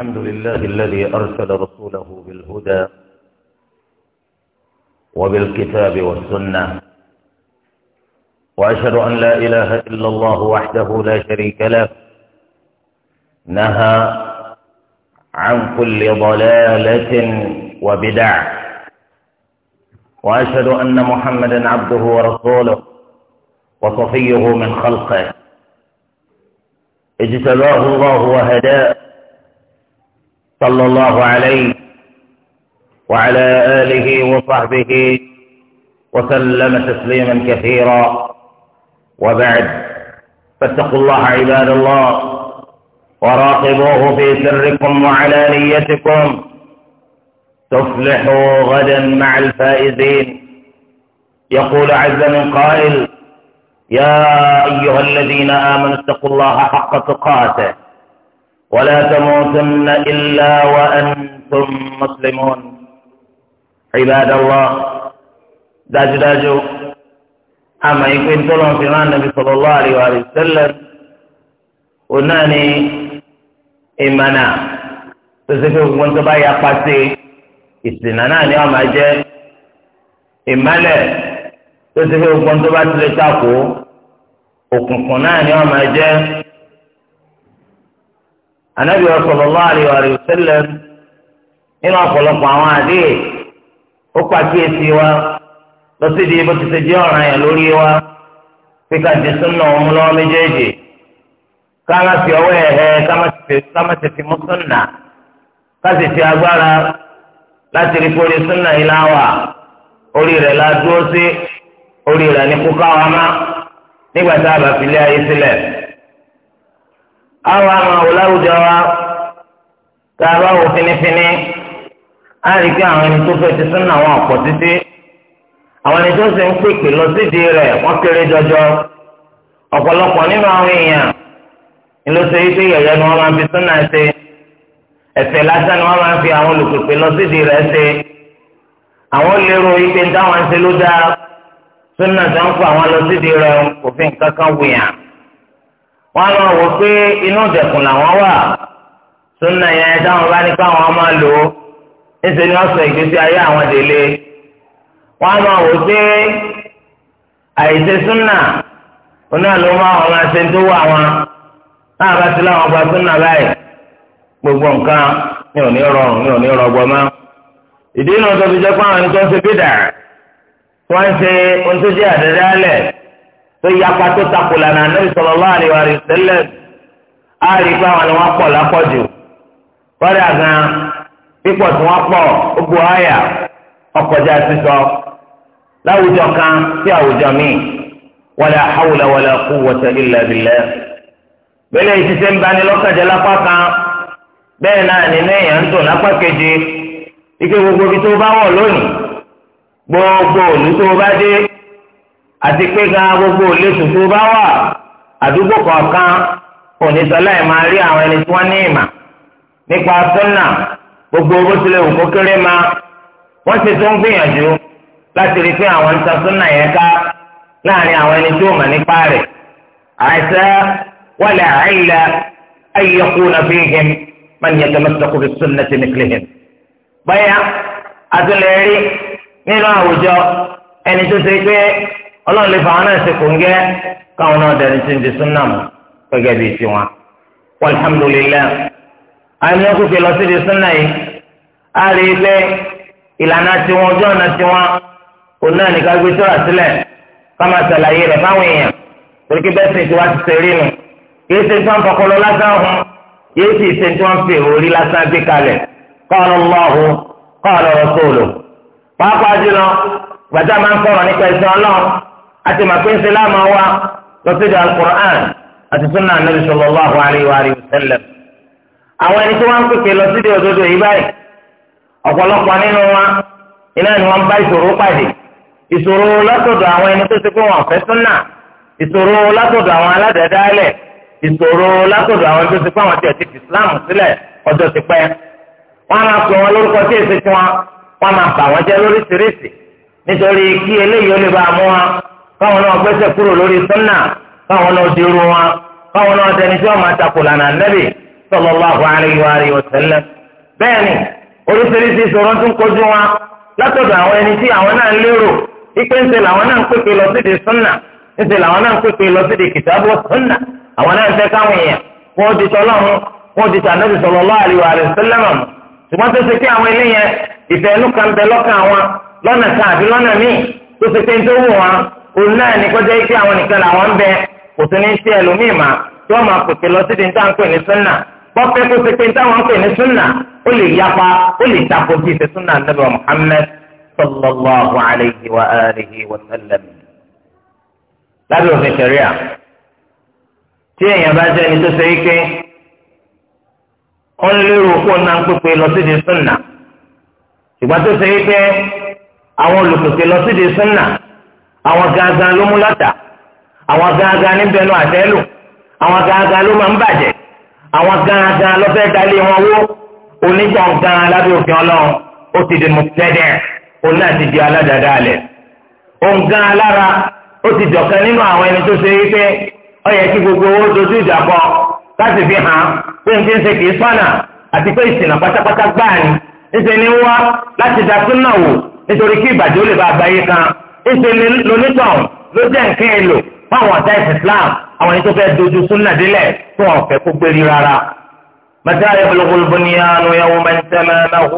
الحمد لله الذي أرسل رسوله بالهدى وبالكتاب والسنة وأشهد أن لا إله إلا الله وحده لا شريك له نهى عن كل ضلالة وبدع وأشهد أن محمدا عبده ورسوله وصفيه من خلقه اجتباه الله وهداه صلى الله عليه وعلى آله وصحبه وسلم تسليما كثيرا وبعد فاتقوا الله عباد الله وراقبوه في سركم وعلانيتكم تفلحوا غدا مع الفائزين يقول عز من قائل يا أيها الذين آمنوا اتقوا الله حق تقاته ولا تموتن إلا وأنتم مسلمون عباد الله داج داجو أما يكون تلون في النبي صلى الله عليه وآله وسلم وناني إمانا تسيكو كنت بايا قاسي إسلنا أما جاء إمانا تسيكو كنت بايا تلتاكو òkùnkùn náà ni anabi sallallahu alaihi wa sallam nínú ọ̀pọ̀lọpọ̀ àwọn àdéhè ó pàkíyèsí wa lọ sí di bó ti ṣe jẹ́ ọ̀ràn yẹn lórí wa pé ká di súnà ọmọ lọ́wọ́ méjèèjì ká má fi ọwọ́ ẹ̀ hẹ ká má ti fi mú súnà ká sì fi agbára láti rí kórè súnà yìí láwà orí rẹ̀ la dúró sí orí rẹ̀ ní kúkà wa má nígbà tá a bá fi lé ayé sílẹ̀. àwọn àwọn ọ̀làwùjọ wa tá a bá wò finifini á rí pé àwọn ẹni tó fẹ́ ti súnà wọn ọ̀pọ̀ títí àwọn ẹni tó sì ń pèpè lọ sídìí rẹ̀ wọ́n kéré jọjọ ọ̀pọ̀lọpọ̀ nínú àwọn èèyàn ni ló ṣe wípé ni wọ́n máa fi súnà ṣe ẹ̀fẹ̀ lásán ni wọ́n máa fi àwọn olùpèpè lọ sídìí rẹ̀ ṣe àwọn lérò wípé táwọn ṣe ló dáa ń wọn lọ wò pé inú dẹkùn làwọn wà súnà yẹn táwọn bá ní káwọn máa lò ó níṣẹ ni wọn sọ ìgbésí ayé àwọn délé wọn máa wò pé àìṣe súnà oná ló máa na máa ṣe tó wà wọn náà bá ti gbogbo nǹkan ní òní rọrùn ní òní rọgbọ mọ ìdí tó fi jẹ pé àwọn ẹni tó wọn tó yapa tó takòlà náà Ànábì sallallahu alaihi wa sallam á rí i ni wọ́n pọ̀ lápọ̀jù kọ́dà gan pípọ̀ tí wọ́n gbogbo àyà ọkọjà sísọ láwùjọ kan sí àwùjọ míì kan náà nínú èèyàn ń tò lápá ike gbogbo ibi tó bá lónìí gbogbo bá dé àti pé gan gbogbo ìletò tó bá wà àdúgbò kọ̀ọ̀kan onísọlá ẹ̀ máa rí àwọn ẹni tí wọ́n ní ìmà nípa sọ́nà gbogbo owó tí lè wù kó kéré ma wọ́n ti tó gbìyànjú láti rí pé àwọn ń ta sọ́nà yẹn ká láàrin àwọn ẹni tí ó mà nípa rẹ̀ àìsẹ́ wọlé àìlẹ ayẹkù nàbí hìm máa ní ẹgbẹ́ mẹ́tọ́kù bí sọ́nà ti nìkìlì hìm. báyà àtúnlẹ̀ rí nínú àwùjọ ẹni tó ṣe pé ọlọ́run lè fa àwọn náà ṣe kò ń gẹ́ káwọn náà dẹni tí ń di súnà mọ́ gẹ́gẹ́ bíi tiwọn. alhamdulilayi àmì ọkùnkè lọ sí di súnà yìí a rí i pé ìlànà tiwọn ojú ọ̀nà tiwọn kò náà nìkan gbé tó àtìlẹ̀ ká máa rẹ̀ fáwọn èèyàn torí bẹ́ẹ̀ sì wá ti ṣe nu yéé ṣe tó ń fọkọlọ lásán hun yéé sì ṣe tó ń fi òórí lásán gbé kalẹ̀ qala àti màpínsẹ́ láàmà wa lọ́sídìí alukur'an àti sunna anabi sallallahu alayhi wa sallam. àwọn ẹni tí wọ́n ń pèpè lọ́sídìí òdodo yìí báyìí ọ̀pọ̀lọpọ̀ nínú wa iná ni wọ́n bá ìṣòro pàdé ìṣòro látọ̀dọ̀ àwọn ẹni tó ti pé wọn fẹ́ sunna ìṣòro látọ̀dọ̀ àwọn aládàádáálẹ̀ ìṣòro látọ̀dọ̀ àwọn tó ti pé àwọn tiẹ̀ ti fi islam sílẹ̀ ọjọ́ ti pẹ́ wọ́n máa pè wọn lórúkọ tí èsì tiwọn wọ́n máa bà wọ́n jẹ́ lóríṣiríṣi nítorí kí eléyìí ó lè bá a mú wọn káwọn náà gbẹ́sẹ̀ kúrò lórí sunna káwọn náà dirú wọn káwọn náà dẹni tí wọ́n máa takò lànà nẹ́bì sallallahu alaihi wa alihi wa sallam. bẹ́ẹ̀ni oríṣiríṣi ìṣòro tún kojú wọn látọ̀dọ̀ àwọn ẹni tí àwọn náà lérò ipe ńṣe làwọn náà ń pèpè lọ síde sunna ńṣe làwọn náà ń pèpè lọ síde kìtàbù sunna àwọn náà ń fẹ́ káwọn èèyàn wọ́n di tọ́lọ́run wọ́n di tànàbì sallallahu alaihi òun náà ní kọjá ikú àwọn nìkan làwọn ń bẹ kò sí ní sí ẹlòmíì mà tí wọ́n máa pèsè lọ síbi níta ń pè ní súnà bọ́fẹ́ kó ṣe pé níta wọn ń pè ní súnà ó lè yapa ó lè tako bí ìṣe súnà nàbẹ wa Muhammad sallallahu alayhi wa alihi wa sallam. lábẹ́ òfin ṣẹ̀ríà tí èèyàn bá jẹ́ ẹni tó ṣe ike ó ń lérò kó ń náà lọ síbi súnà ìgbà tó ṣe ike àwọn olùpèsè lọ síbi súnà àwọn gangan ló mú lọ́tà àwọn gangan níbẹ̀ lọ àtẹ́lù àwọn gangan ló máa ń bàjẹ́ àwọn gangan ló fẹ́ dalé wọn wó oníjàn gan lábẹ́ òfin ọlọ́run ó ti di mùtẹ́dẹ̀ òun náà ti di aládàáda alẹ̀ òun gan alára ó ti dọ̀kan nínú àwọn ẹni tó ṣe wípé ó kí gbogbo owó dojú ìjà kọ láti fi hàn pé n ti ń ṣe kì í sọ̀nà àti pé ìsìnà pátápátá gbáà ni ń ṣe ní wá láti da súnà wò nítorí kí ìbàjẹ́ ó lè bá àgbáyé kan ìṣèlè lónítàn ló jẹ́ nǹkan èlò fáwọn ọ̀tá ìsìláàmù àwọn ẹni tó fẹ́ dojú súnà délẹ̀ tó wọn fẹ́ kó gbérí rárá. متى يبلغ البنيان يوما تمامه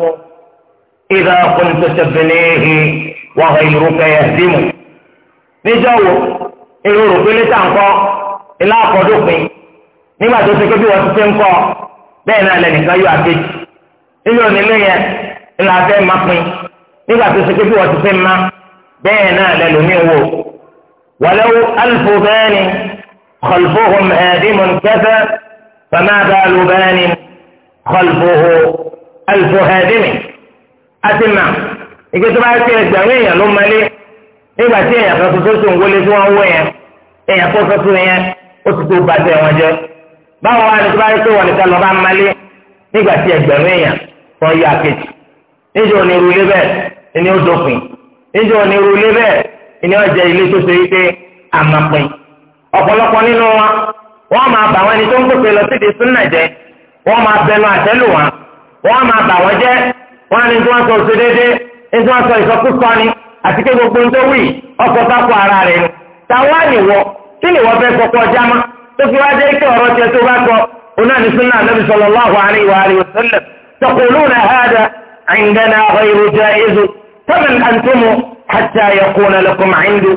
إذا كنت تبنيه وغيرك يهدمه níjọ́ wo irú rò pé létà ńkọ́ ilá àkọ́dópin nígbà tó ṣe pé wọ́n ti ṣe ń kọ́ bẹ́ẹ̀ náà lẹ́nìkan yọ àkejì nínú nígbà tó ṣe pé wọ́n ti ṣe ń máa bẹ́ẹ̀ náà lẹ́lòmí wò wàlẹ́wò alifu bẹ́ẹ̀ni kọlfuhum ẹ̀ẹ́dìmọ̀n kẹfẹ́ famaadalu bẹ́ẹ̀ni kọlfuhu alifu ẹ̀ẹ́dìmì àti nà ìgbésẹ̀ bá ti ẹgbẹ̀rún èèyàn ló mọ́lé nígbà tí èèyàn kan tuntun tó ń wọlé tí wọ́n ń wọ yẹn èèyàn kan tuntun yẹn ó ti tó ba tẹ̀ wọ́n báwo wá ní tí wọ́n ti wọ̀ nìkan lọ́ba mọ́lé nígbà tí ẹgbẹ̀rún èèyàn kan yá kejì níjọ́ onírúurú bẹ́ẹ̀ ni ó dópin. níjẹ́ òní ru ilé bẹ́ẹ̀ ìní ọjà ilé tó ṣe wípé àmàpin ọpọlọpọ nínú wa wọn máa bà wọn ẹni tó ń pèsè lọ síbi súnà jẹ wọ́n máa bẹnu àtẹ́lù wọn wọ́n máa bà wọ́n jẹ́ wọn á ní tí wọ́n sọ ṣe déédéé ní tí wọ́n sọ ìsọkúsọ ni àti pé gbogbo nítorí wì ọkọ̀ sáko ara ni tó fi ike ọ̀rọ̀ tiẹ̀ tó bá sọ onáà ní súnà nàbì sallallahu alaihi wa alihi wa sallam taquluna faman antum hatta yakuna lakum indu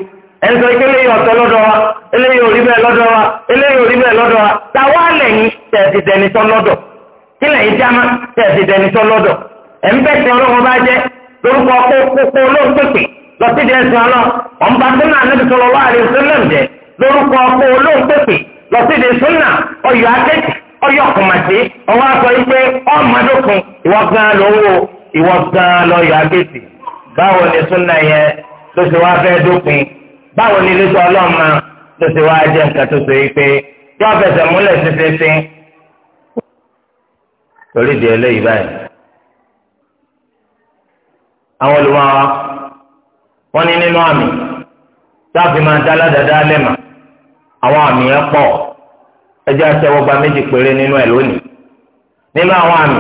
ẹnso ike eléyìí ọ̀tọ̀ lọ́dọ̀ wa eléyìí òrí bẹ́ẹ̀ lọ́dọ̀ wa eléyìí òrí bẹ́ẹ̀ lọ́dọ̀ wa táwa lẹ́yìn tẹ̀sí dẹni tọ́ lọ́dọ̀ kí lẹ́yìn jámá tẹ̀sí dẹni tọ́ lọ́dọ̀ ẹ̀ńbẹ́sẹ̀ ọlọ́run bá jẹ́ lórúkọ kókó olóńpèpè lọ sí di ẹ̀sìn ọlọ́ ọ̀nba súnà níbi sọ̀rọ̀ wá àrẹ sílẹ̀m jẹ́ lórúkọ kókó olóńpèpè lọ súnà ọyọ akẹ́kì ọyọ kùmàtì ọwọ́ àtọ̀ pé ọmọdókun ìwọ gan lọ́wọ́ ìwọ gan lọ́yọ báwo ni súnà yẹn tó ṣe wá fẹ́ dópin báwo ni ilé ọlọ́mọ tó ṣe wá jẹ́ nǹkan tó ṣe pé tí wọ́n fẹsẹ̀ múlẹ̀ ṣinṣinṣin torí di eléyìí báyìí àwọn olùwà wa ní nínú àmì táàbì máa dá ládàáda lẹ́mà àwọn àmì yẹn pọ̀ ẹjẹ́ aṣẹ́wọ́gba méjì péré nínú ẹ̀ lónìí nínú àwọn àmì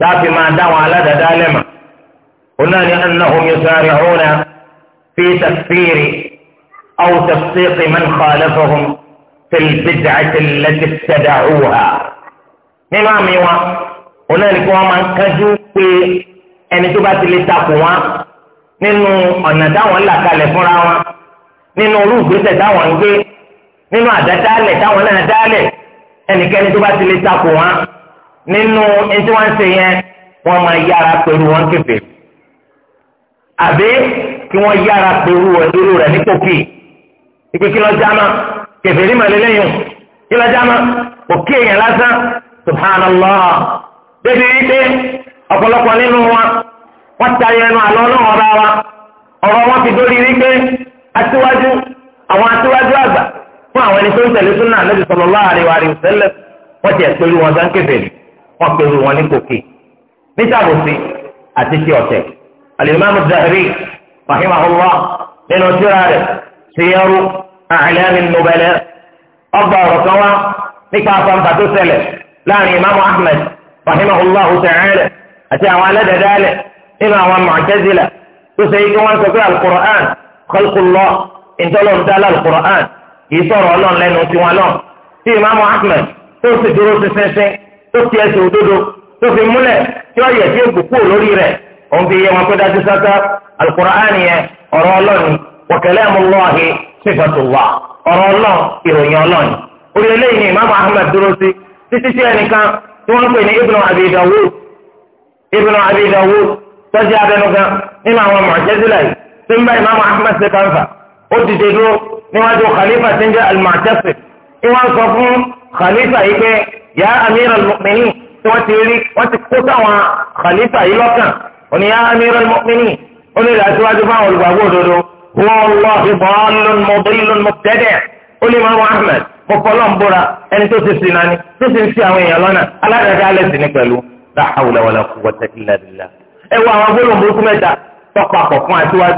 táàbì máa dá àwọn lẹ́mà. هناك لأنهم يسارعون في تكفير أو تفسيق من خالفهم في البدعة التي ابتدعوها نمام يوا هناك وما كجو في أن تبات لتقوى nínú ọ̀nà táwọn là kalẹ̀ fúnra wọn nínú orú ìgbésẹ̀ táwọn ń gbé nínú àdádálẹ̀ táwọn náà dálẹ̀ ẹnikẹ́ni tó bá ti lè takò wọn nínú ẹni tí wọ́n ń ṣe yẹn wọ́n máa yára pẹ̀lú wọn kébèrè àbí kí wọ́n yára pẹ̀lú ẹ̀dúró rẹ̀ ní kòkì ìpè kí lọ jáma kẹfẹ́rí màlẹ́lẹ́yìn kí lọ jáma òkè èèyàn lásán subhanallah débi wípé ọ̀pọ̀lọpọ̀ nínú wa wọ́n ta ẹnu àlọ́ náà ọ̀rọ̀ wa ọ̀rọ̀ wọn ti dórí wípé aṣíwájú àwọn aṣíwájú àgbà fún àwọn ẹni tó ń tẹ̀lé súnà Ànábì sallallahu alaihi wa sallam wọ́n ti ẹ̀ pẹ̀lú wọn sáńkẹ́fẹ̀ẹ́ wọ́n pẹ̀lú wọn ní kòkì níta àbòsí àti ti ọ̀tẹ̀. الإمام الذهبي رحمه الله من سيرة سير أعلام النبلاء أظهر سوا نكاسا فتسل لا الإمام أحمد رحمه الله تعالى أتى ولد ذلك إما والمعتزلة تسيد وأن تقرأ القرآن خلق الله إن تلون تلا القرآن يصور لون لأنه سوى في إمام أحمد تسجل تسنسن تسيس ودودو تسمونه تسيس يبقى لوري رأي òun fi yé wọn pé dájú sáká alukur'ani yẹn ọ̀rọ̀ ọlọ́run wa kalamullahi sifatullah ọ̀rọ̀ ọlọ́run ìròyìn ọlọ́run orí eléyìí ni imaamu ahmed dúró sí títí tí ẹnìkan tí wọ́n ń pè ní ibnu abi dawud ibnu abi dawud tọ́jú abẹnugan nínú àwọn mu'tazila yìí tí ń bá imaamu ahmed ṣe kànfà ó dìde dúró níwájú khalifa tí ń jẹ́ al ìwọ́n sọ fún وني امير المؤمنين قل الازواج فهو البابود هو الله ضال مضل مبتدع قل امام احمد فقلهم برا ان تسسناني تسسي اوين يلانا على رجع لسنة لا حول ولا قوة الا بالله ايوا اقول لهم بكم ايتا فقط فقط ازواج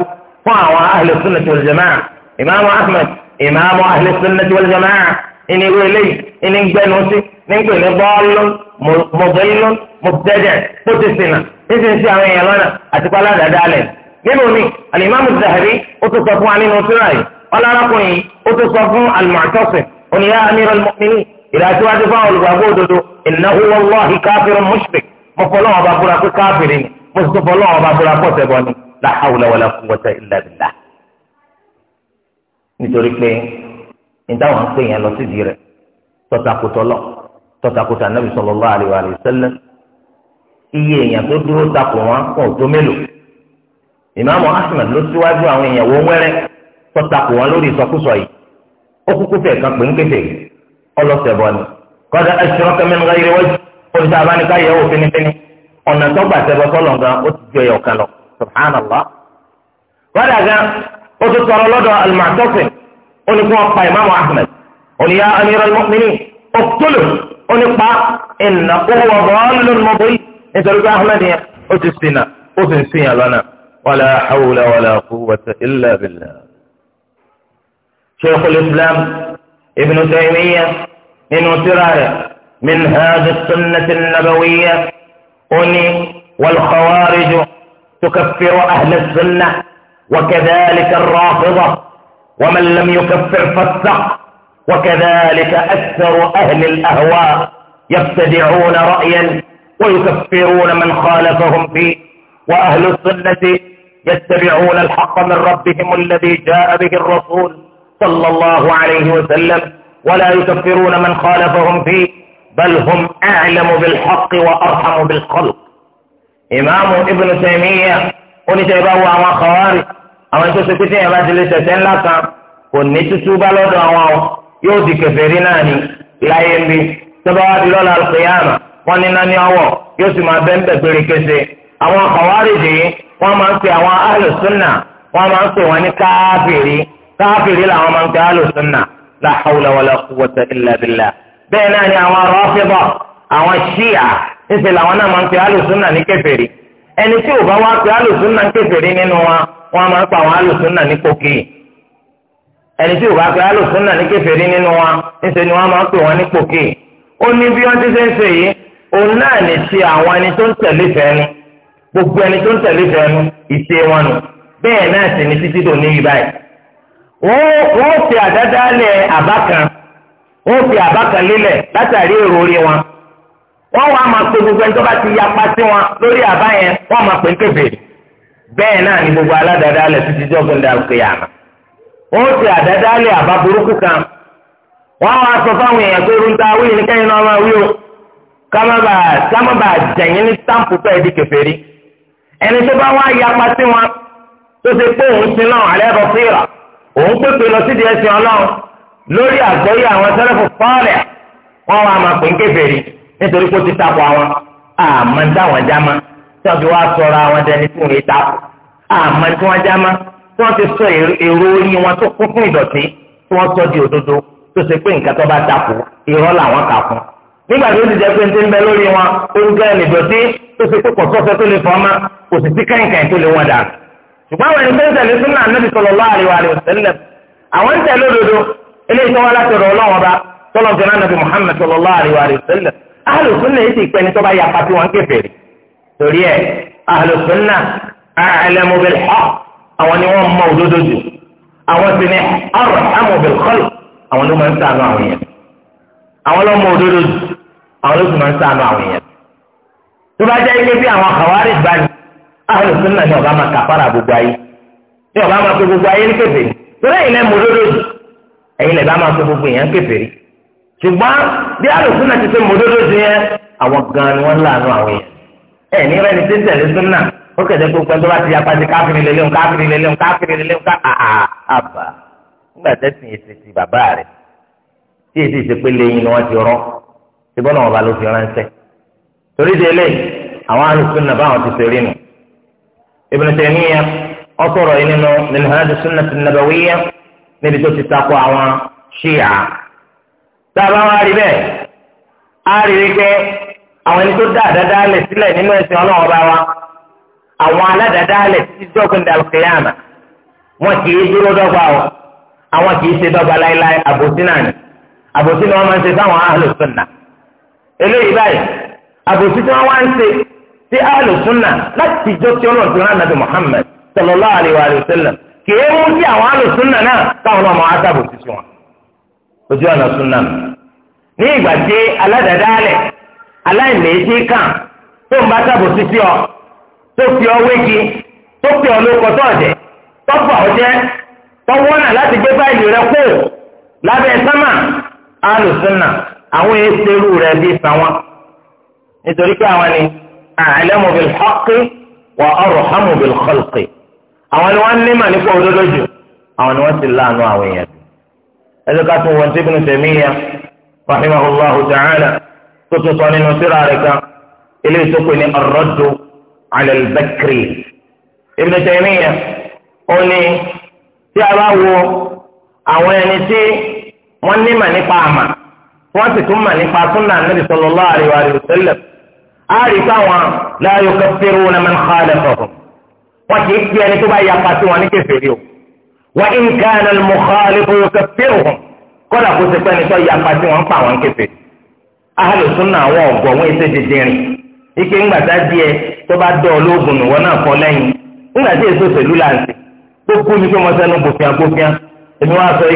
فهو اهل السنة والجماعة امام احمد امام اهل السنة والجماعة ان يقول لي ان يقول لي ضال مضل مبتدع تسسناني níṣẹ́ ń ṣe àwọn èèyàn lọ́nà àti pálá dáadáa lẹ̀ nínú mi alimami zahabi ó tó sọ fún wa nínú síra yìí ọlọ́rọ̀kùnrin ó tó sọ fún alimọ̀tọ́sìn oníyá amir al-mu'minin ìdájúwájú fáwọn olùgbàgbọ́ òdodo innahu wallahi káfírin mushrik mo fọlọ́ ọba búra pé káfírin mo sì tó fọlọ́ ọba búra pọ̀ sẹ́bọ̀ ni la hawla wala quwwata illa nítorí pé ìdáhùn ń yẹn lọ sídìí rẹ̀ tọ́takùtọ̀ lọ tọ́takùtà nàbì sallallahu iye èèyàn tó dúró takò wọn kò tó mélòó ìmáàmù ahmed ló síwájú àwọn èèyàn wọ́n wẹ́rẹ́ tó takò wọn lórí ìsọkúsọ yìí ó kúkú fẹ̀ kan pè ń kété ọlọ́sẹ̀ bọ́ ni kọ́dà ẹ̀ṣọ́ kẹ́mẹ́nu ká yẹ wájú oníṣẹ́ abáníká yẹ òfin fínní ọ̀nà tó gbà sẹ́bọ̀ sọ́lọ̀ gan ó ti ju ẹ̀yọ̀ lọ subhanallah kọ́dà gan ó tún sọ̀rọ̀ lọ́dọ̀ alimọ̀tọ́sìn ó ní انتر احمد اوتسينا اوتسينا لنا ولا حول ولا قوه الا بالله شيخ الاسلام ابن تيميه من سراره من هذه السنه النبويه اني والخوارج تكفر اهل السنه وكذلك الرافضه ومن لم يكفر فالسق وكذلك اكثر اهل الاهواء يبتدعون رايا ويكفرون من خالفهم فيه وأهل السنة يتبعون الحق من ربهم الذي جاء به الرسول صلى الله عليه وسلم ولا يكفرون من خالفهم فيه بل هم أعلم بالحق وأرحم بالخلق إمام ابن تيمية قل wo àwọn خوارج أما ṣe pé tí ẹ̀rọ ti lè ṣẹ̀ṣẹ̀ ńlá kan kò ní tútú bá lọ́dọ̀ àwọn yóò di kèfèrí náà ni láyé ń bí tó wọ́n ní nání ọwọ́ yóò sì máa bẹ́ẹ̀ bẹ́ẹ̀ péré kése àwọn kọ̀wárìdì wọ́n máa ń pè àwọn alùsùnà wọ́n máa ń pè wọ́n ní káfìrí káfìrí làwọn máa ń pè alùsùnà la hawla wala quwwata illa billah bẹ́ẹ̀ náà ni àwọn rọ́fíbọ̀ àwọn ṣíà níṣẹ́ làwọn náà máa ń pè alùsùnà ní kèfèrí ẹni tí ò bá wá pè alùsùnà ní kèfèrí nínú wọn máa ń pè àwọn alùsùnà ní pòkì ẹni tí ò bá pè alùsùnà ní òun náà si ti àwọn ẹni tó ń tẹ̀lé gbogbo ẹni tó ń tẹ̀lé fẹ́nu ìṣe wọn nù bẹ́ẹ̀ náà sì ní títí tó ní ibà wọ́n fi àdádálẹ̀ àbá kan wọ́n fi àbá kan lélẹ̀ látàrí èrò orí gbogbo ẹni ti yapa sí wọn lórí àbá yẹn wọ́n máa ń bẹ́ẹ̀ náà ni gbogbo aládàádálẹ̀ títí tó gbẹ̀ndà òkè àná. wọ́n fi àdádálẹ̀ àbá burúkú kan. wọ́n wá sọ fáwọn èèyàn pé kámábà kámábà jẹ̀yìn ní sáǹpù fẹ́ẹ́ di kèfèrí ẹni tó bá wá yapa sí wọn tó ṣe pé òun sin náà alẹ́ bọ̀ sí ìrà òun pépè lọ sídìí ẹsìn ọlọ́run lórí àgbọ́yé àwọn sẹ́lẹ̀fù fọ́ọ̀lẹ̀ wọn wà máa pè ń kèfèrí nítorí kó ti takò àwọn àmọ́ ń dáwọn jámá tí wọ́n fi wá sọ̀rọ̀ àwọn dẹni tí wọ́n yé takò àmọ́ tí wọ́n jámá tí wọ́n ti sọ èrò orí wọn tó kún fún ìdọ̀tí tí wọ́n sọ di òdodo tó ṣe pé nǹkan tó bá takò irọ́ nígbà tó ti jẹ pé ntí ń bẹ lórí wọn orúkọ ẹnìdọ̀tí tó ti kókò sọ́sọ́ tó lè fọ́ọ́mà kò sì sí kẹ́ǹkẹ́ǹ tó lè wọ́n dà. ṣùgbọ́n àwọn ẹni tó ń tẹ̀lé súnà Ànábì sallallahu alaihi wa sallam àwọn ń tẹ̀lé òdodo eléyìí tó wá láti ọ̀dọ̀ Ọlọ́run ọba tọ́lọ̀ jẹ́ náà Ànábì Muhammad sallallahu alaihi wa sallam àwọn sì ni arhamu bil khalq àwọn ló máa ń sàánú àwọn yẹn àwọn ló òdodo jù àwọn olóṣù máa ń sànù àwọn èèyàn. tó bá jẹ́ ilé bí àwọn àwárí gbà ní àwọn olùsùn náà ní ọba máa kàfàrà gbogbo ayé ní ọba máa pe gbogbo ayé ní kèfèrí torí ẹ̀yin lẹ́mu olódòdì ẹ̀yin lẹ́ba máa pe gbogbo èèyàn kèfèrí ṣùgbọ́n bí àwọn olùsùn náà ti pe mòdòdòdì yẹn àwọn gan ni wọ́n láàánú àwọn èèyàn ẹ̀ ní rẹ́ni tí ń tẹ̀lé sún náà ó kẹ̀dẹ́ síbọ̀ náà ọba ló fi ránṣẹ́ torí délé àwọn alùsùnà báwọn ti ṣeré nù Ibn Taymiyyah ọsọ̀rọ̀ yìí nínú minhaj sunnah an-nabawiyyah níbi tó ti takò àwọn ṣíà tá a bá wá rí bẹ́ẹ̀ á rí i pé àwọn ẹni tó dá àdáda lẹ̀ sílẹ̀ nínú ẹ̀sìn ọlọ́run ọba wa àwọn aládàáda lẹ̀ títí dọ́gbìn dàlùkìyàmà wọn kì í dúró dọ́gba o àwọn kì í ṣe dọ́gba láéláé àbòsí ni àbòsí ni máa ń ṣe fáwọn ahlus eléyìí báyìí àbòsí tí wọ́n wá ń ṣe sí alùsùnà láti ìjọ tí ọlọ́run ti rán nàbì Muhammad sallallahu wa sallam kì í mú sí àwọn ka náà táwọn ọmọ adábò sí sí wọn ojú ọ̀nà súnà ní ìgbà tí aláìlèéjì kàn tó ń bá ọ tó fi ọ wéjì tó fi ọ lóko tó ọ̀jẹ̀ tó fà láti gbé àwọn eṣerú rẹ̀ bí sàwọn nítorí pé àwọn ni a'lamu bil haqqi wa arhamu bil khalqi àwọn ni wọ́n nímọ̀ nípa òdodo jù àwọn ni wọ́n ti láàánú àwọn èèyàn jù ẹjọ́ ká tún wọn tí Ibn Taymiyyah ta'ala tó tún sọ nínú síra rẹ̀ kan ilé ìsopọ̀ ní ar-raddu ala al-bakri ó ní tí a bá wo àwọn ẹni tí wọ́n nímọ̀ nípa àmà wọ́n sì tún mà nípa súnà nàbì sallallahu alaihi wa sallam á rí káwọn la yukaffiruna man khalafahum wọ́n kì í kí ẹni tó bá yapa sí wọn ní kèfèrí o wa in kana al-mukhalifu yukaffiruhum kódà kó ti pẹ́ ni tó yapa sí wọn pa wọn kèfèrí ahlu sunna àwọn ọ̀gọ̀ wọn èsè dídìrín ike ńgbàtà díẹ̀ tó bá dọ̀ ológun nìwọ náà kọ́ lẹ́yìn ńgbàtà èmi wá sọ pé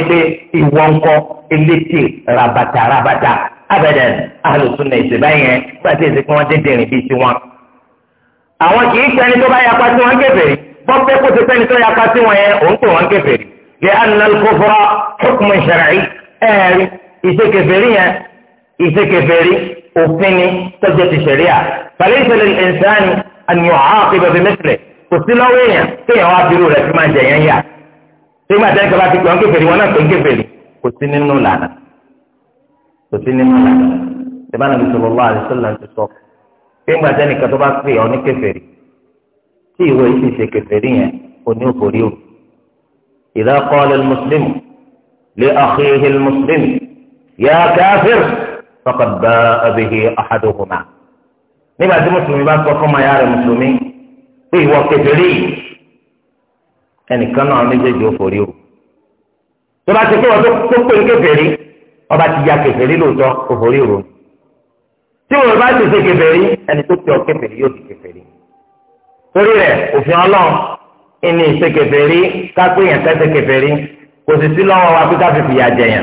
ìwọ ńkọ́ elétè rabata rabata abẹ́dẹ̀n alùsùn náà ìṣèlú yẹn gbàtí èsì pé wọ́n dédé rìn bíi tiwọn. àwọn kì í sẹ́ni tó bá yapa sí wọn kèfèrí bọ́pẹ́ kó ti sẹ́ni tó yapa sí wọn yẹn òun pè wọn kèfèrí. lè anal kófòrò hukmu shar'i ẹ̀ẹ́rì ìṣèkèfèrí yẹn ìṣèkèfèrí òfin ni tọ́jú ti ṣẹ̀ríà. pàlẹ́ ìṣẹ̀lẹ̀ ìṣẹ̀ni àníwọ̀ nígbà tí ẹnìkan bá ti pè wọn kèfèrí wọn náà pè ń kèfèrí kò sí nínú lànà kò sí nínú lànà ìbáná bí sallallahu alaihi wasallam ti sọ pé nígbà tí ẹnìkan tó bá pè ọ ní kèfèrí tí ìwé yìí ti ṣe kèfèrí yẹn kò ní òkòrí o ìdá qala al lé li akhihi al-muslim ya kafir faqad ba'a bihi ahaduhuma nígbà tí mùsùlùmí bá sọ fún mayá rẹ mùsùlùmí pé ìwọ kèfèrí yìí. ẹnìkan náà méjèèjì ó forí o tó bá ti kí wọn tó pé kèfèrí ọba ti ya kèfèrí lóòótọ́ ó forí o tí wọn bá ti ṣe kèfèrí ẹni tó tẹ ọ kèfèrí yóò di kèfèrí torí rẹ̀ òfin Ọlọ́run ìní ìṣe kèfèrí kápé yẹn kẹsẹ kèfèrí kò sì sí lọ́wọ́ wa pípa fìfì yà jẹ yẹn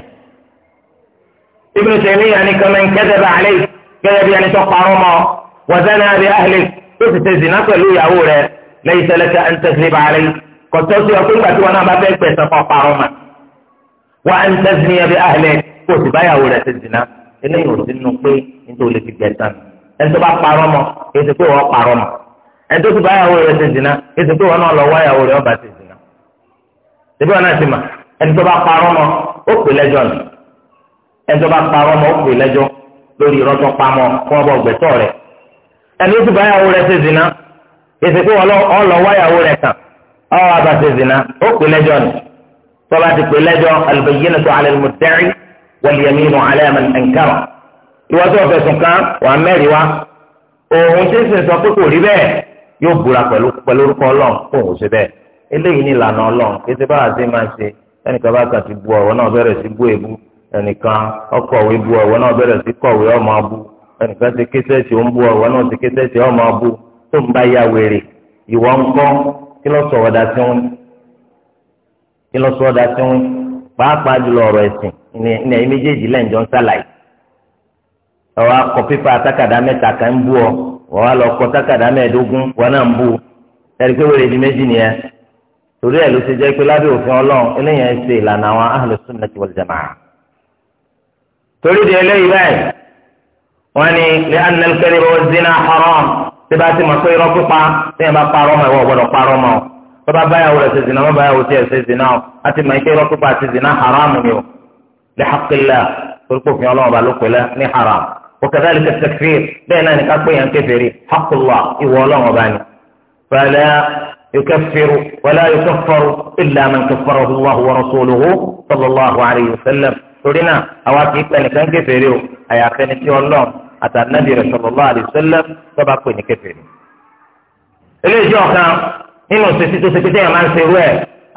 Ibn Taymiyyah ni kàmá ń kẹsẹ bá àlẹ gẹ́gẹ́ bí ẹni tó parọ́ mọ́ wọn sẹni àbí àhìlẹ tó sì ṣe zìnnà pẹ̀lú ìyàwó kọtọ sí ọ pé ìgbà tí wọn náà bá fẹ́ gbẹ̀sán kan parọ́ mà wà á ń tẹ́sí ní ẹbí àhẹlẹ kó o sì báyàwó rẹ̀ ti dìnnà eléyìí ò sí nínú pé nítorí o lè fi gbẹ̀sán ẹni tó bá parọ́ mọ́ kì í ṣe pé wọ́n parọ́ mọ́ ẹni tó sì báyàwó rẹ̀ ti dìnnà kì í ṣe pé wọ́n náà lọ wáyàwó rẹ̀ ọba ti dìnnà ṣébí wọn náà ti mà ẹni tó bá parọ́ mọ́ ó pè lẹ́jọ́ ni ẹni tó bá parọ́ mọ́ ó pè lẹ́jọ́ lórí ìrọ́tọ́ pamọ́ fún ọbọ̀ gbẹ̀tọ́ rẹ̀ ẹni tó sì báyàwó rẹ̀ ti dìnnà kì pé wọ́n lọ ọwọ́ abàṣẹ zina ó pè lẹ́jọ́ ni tọ́ba ti pè lẹ́jọ́ albayyinatu ala al-mudda'i wal-yaminu ala man ankara ìwọ tó fẹ̀sùn kàn wà mẹ́rin wa òun ti sìn sọ pé kò rí bẹ́ẹ̀ yóò búra pẹ̀lú orúkọ ọlọ́run kó òun ṣe bẹ́ẹ̀ eléyìí ni ìlànà ọlọ́run kí ṣe bá máa ṣe ẹnìkan bá kà ti bu ọ̀rọ̀ náà bẹ̀rẹ̀ sí bú èbú ẹnìkan ọkọ̀wé bu ọ̀rọ̀ náà bẹ̀rẹ̀ sí kọ̀wé ọmọ abú ẹnìkan ti ké sẹ́ẹ̀sì ó ń bu ọ̀rọ̀ náà ti ké sẹ́ẹ̀sì ọmọ abú tó ń bá ya wèrè ìwọ kọ́ kí lọ sọ̀rọ̀ dá sí wọn pàápàá jùlọ ọ̀rọ̀ ẹ̀sìn ní ẹ̀yìn méjèèjì lẹ́ǹjọ́ ń sàlàyé pípa mẹ́ta kan ń ọ wọ́n wá lọ kọ mẹ́ẹ̀ẹ́dógún wọn náà ń bú ẹ̀rí pé di méjì nìyẹn torí ẹ̀ ló ti jẹ́ pé lábẹ́ òfin ọlọ́run eléyàn ń ṣe ìlànà àwọn jamaa di eléyìí báyìí tẹ́bá ti mọ̀ pé irọ́ pípa tẹ́yìn bá parọ́ mọ̀ ìwọ gbọ́dọ̀ parọ́ mọ̀ ọ́ bá báyàwó rẹ̀ ṣe zina wọ́n báyàwó tiẹ̀ ṣe zina ọ́ a ti mọ̀ pé irọ́ pípa ti zina haramu ni o lè hakilá torípò fi ọlọ́run bá ló pè ní haram o kẹfẹ́ lè kẹsẹ̀ fi bẹ́ẹ̀ náà ní ká pé yẹn kẹfẹ́rì hakilá ìwọ ọlọ́run bá ní. fẹlẹ́ يكفر ولا يكفر إلا من كفره الله ورسوله صلى الله عليه وسلم torí náà àwa kì í àtànàbì rẹ̀ sallallahu alaihi wasallam tó bá pè ní kèfèrí. eléyìí ọ̀kan nínú sèṣi tó sèpété yẹn máa ń serú ẹ̀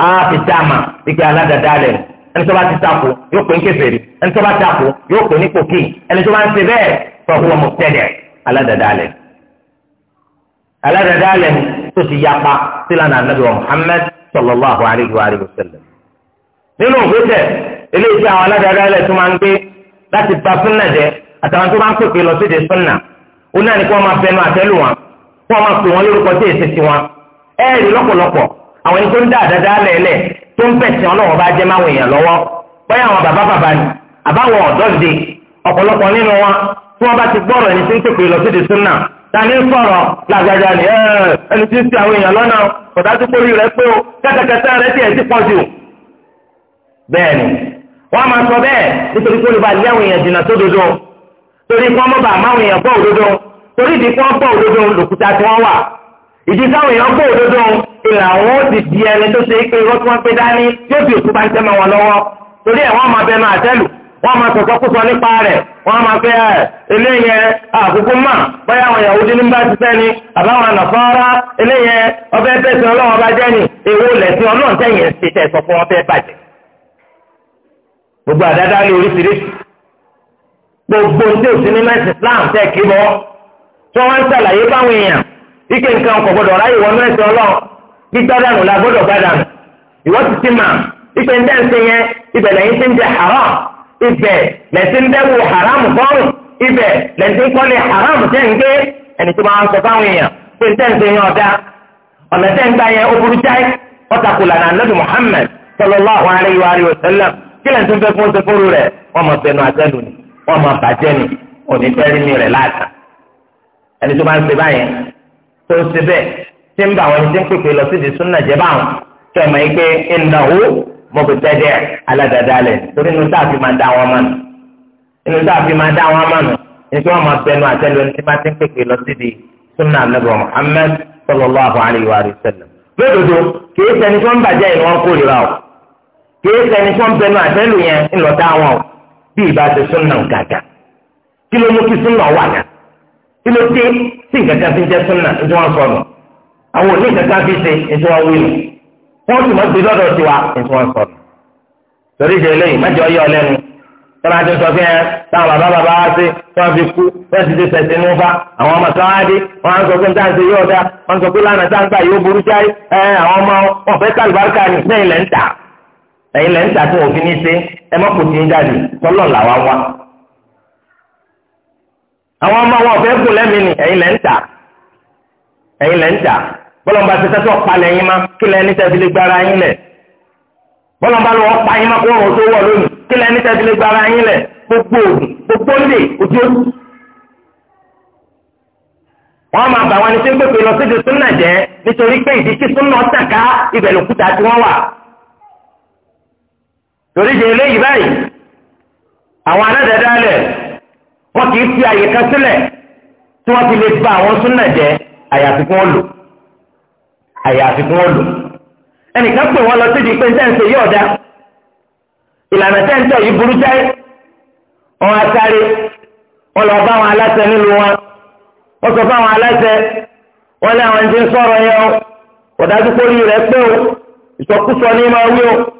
á fi dáàmà ike aládàáda rẹ̀ ẹni tó bá ti tako yóò pè ní kèfèrí ẹni tó bá tako yóò pè ní pòkì ẹni tó bá ń ṣe bẹ́ẹ̀ fa huwa mubtadi' aládàáda rẹ̀ aládàáda rẹ̀ tó ti yapa sílànà ànábì wa wa alihi wasallam àwọn aládàáda rẹ̀ tó máa ń gbé láti àtàwọn tó bá ń pèpè lọ síde sọ́nà ó náà ní kí wọ́n máa bẹnu àtẹ́lù wọn kí wọ́n máa pè wọ́n lórúkọ tí èsì tiwọn ẹ̀ẹ́rì lọ́pọ̀lọpọ̀ àwọn ẹni tó ń dá àdáda lẹ́ẹ̀lẹ̀ tó ń bẹ̀sìn ọlọ́wọ́ bá jẹ́ máwọn èèyàn lọ́wọ́ bóyá àwọn bàbá bàbá ni àbáwọn ọ̀dọ́ dìde ọ̀pọ̀lọpọ̀ nínú wọn tí wọ́n bá ti gbọ́rọ̀ ẹni tí ń pèpè lọ síde sọ́nà tani ń sọ̀rọ̀ làgàjà ni ẹni tí ń ti àwọn èèyàn lọ́nà kọ̀dájú kórìí rẹ pé o kẹ́tẹ̀kẹ́tẹ́ rẹ tiẹ̀ ti pọ̀ jù bẹ́ẹ̀ ni wọ́n máa sọ bẹ́ẹ̀ nítorí pé olùbàdí àwọn èèyàn jìnnà sódodo torí kí wọ́n mọ̀ bá àmáwọn èèyàn gbọ́ òdodo torí ìdí kí wọ́n gbọ́ òdodo lòkúta tí wọ́n wà ìdí táwọn èèyàn gbọ́ òdodo ìlànà ó ti di ẹni tó ṣe pé irọ́ tí wọ́n pé dání yóò fi òkú bá ń tẹ́ wọn lọ́wọ́ torí ẹ̀ wọ́n máa bẹnu àtẹ́lù wọ́n máa nípa rẹ̀ wọ́n máa eléyẹ gbogbo ndé òsì ní mẹ́sì Islam tẹ̀ kí bọ́ tí wọ́n ń sàlàyé fáwọn èèyàn ike nǹkan kò gbọdọ̀ ráyè wọ mẹ́sì ọlọ́run gbígbá dànù la gbọdọ̀ gbá dànù ìwọ́ ti ti mà ike ń dẹ́nse yẹn ibẹ̀ lẹ́yìn ti ń jẹ haram ibẹ̀ lẹ́sìn dẹ́wù haram fọ́rùn ibẹ̀ lẹ́sìn kọ́lé haram tẹ̀ ń gé ẹni tó máa ń sọ fáwọn èèyàn pé ń tẹ̀sí yẹn ọ̀dá ọ̀nà tẹ̀ ń gbà yẹn ó burú jáì ọ̀tàkùlà náà nàbì Muhammad sallallahu alayhi wa sallam kí lẹ́sìn fẹ́ fún ṣe fóró rẹ̀ wọ́n mọ̀ sẹ́nu wọn máa bàjẹ́ ni òní fẹ́ rí mi rẹ̀ láàtà ẹni tó bá ń ṣe báyẹn tó ń ṣe bẹ́ẹ̀ tí ń bá àwọn ẹni tí ń pèpè lọ sídìí súnà jẹ́ báwọn kẹmọ yìí pé ìnáwó mọ̀kútẹ́dẹ́ aládàdalẹ̀ torí inú táàfin máa dá wọn mọ̀nà inú táàfin máa dá wọn mọ̀nà ẹni tó wọn máa bẹnu àtẹlu ẹni tí bá ti ń pèpè lọ sídìí súnà nàbọ̀ Muhammad sallallahu alayhi wa sallam lódodo kìí ṣẹni tó ń bàjẹ́ ìwọ̀n kórìíra o kìí ṣẹni tó ń bẹnu àtẹlu yẹn ńlọ dá wọn o tí ìbá ti súnà gàgà kí ló mú kí súnà wà náà kí ló dé tí ìgàgà fi jẹ súnà ní tí wọn sọ nù àwọn òní ìgàgà fi ṣe ní tí wọn wí nù wọn sì mọ gbé lọ́dọ̀ tiwa ní tí wọn sọ nù torí ìdè eléyìí mẹjọ yọ lẹ́nu tọ́lá ti sọ fún ẹ táwọn bàbá bàbá wá sí tí wọ́n fi kú wọ́n ti ti sẹ̀sẹ̀ ní wọ́n àwọn ọmọ kan wá dé wọ́n á sọ pé níta ṣe yóò dá wọ́n sọ pé lánàá táǹgbà yóò burú jáì ẹ àwọn ọmọ wọn fẹ́ eyi lẹ́yìn nta òfin ní ṣe ẹ má kò tí ń jáde tọ́lọ̀ làwa wá. àwọn ọmọ wọn ọ̀fẹ́ nta lẹ́mìí ni ẹ̀yin lẹ́yìn tà ẹ̀yin lẹ́yìn tà bọ́lọ̀mbà ti tẹ́tọ̀ palẹ̀ má kí lè gbára yín lẹ̀ lọ́wọ́ gbogbo gbogbo ń ojú wọ́n máa bà wọn pé torí jẹ eléyìí báyìí àwọn aládàádáalẹ̀ wọn kì í fi àyè kan sílẹ̀ tí wọ́n ti lè ba àwọn súnà jẹ àyàfi kí wọ́n lò àyàfi kí wọ́n lò ẹnìkan pè wọ́n lọ sí di pé ntẹ́ǹsẹ̀ yóò dá ìlànà tẹ́ǹsẹ̀ yìí burú jáì wọn á sáré wọn lọ bá àwọn aláṣẹ nílùú wọn wọn sọ fáwọn aláṣẹ wọn lé àwọn ẹni tí ń sọ̀rọ̀ yẹn o kò dájú rẹ pé o ìsọkúsọ ní máa wí o.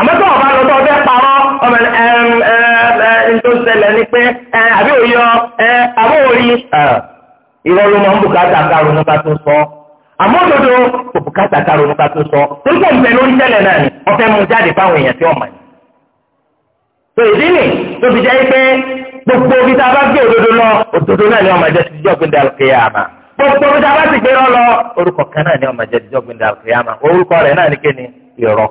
àmọ́ tó ọba lọ́tọ́ ọdẹ parọ́ ọmọ ẹ ẹ ẹ tó ṣẹlẹ̀ ni pé ẹ àbí òye ọ ẹ àbí òri ìwọ ló máa ń bùkátà kárò nípa tó sọ àmọ́ òdodo kò bùkátà kárò nípa tó sọ torí pé òǹfẹ́ lórí tẹ́lẹ̀ náà ni ọ̀fẹ́ mu jáde fáwọn èèyàn tí ọ̀mà yìí. tó ìdí nì tó fi jẹ́ pé gbogbo ibi tá a bá gbé òdodo lọ òdodo náà ni ọmọ ẹ̀jẹ̀ ti jọ́ gbẹ̀dẹ̀ àlùkìyàmà gbogbo ibi tá a bá ti gbé lọ lọ orúkọ kan náà ni ọmọ ẹ̀jẹ̀ ti jọ́ gbẹ̀dẹ̀ àlùkìyàmà orúkọ rẹ̀ náà ni kéde ìrọ̀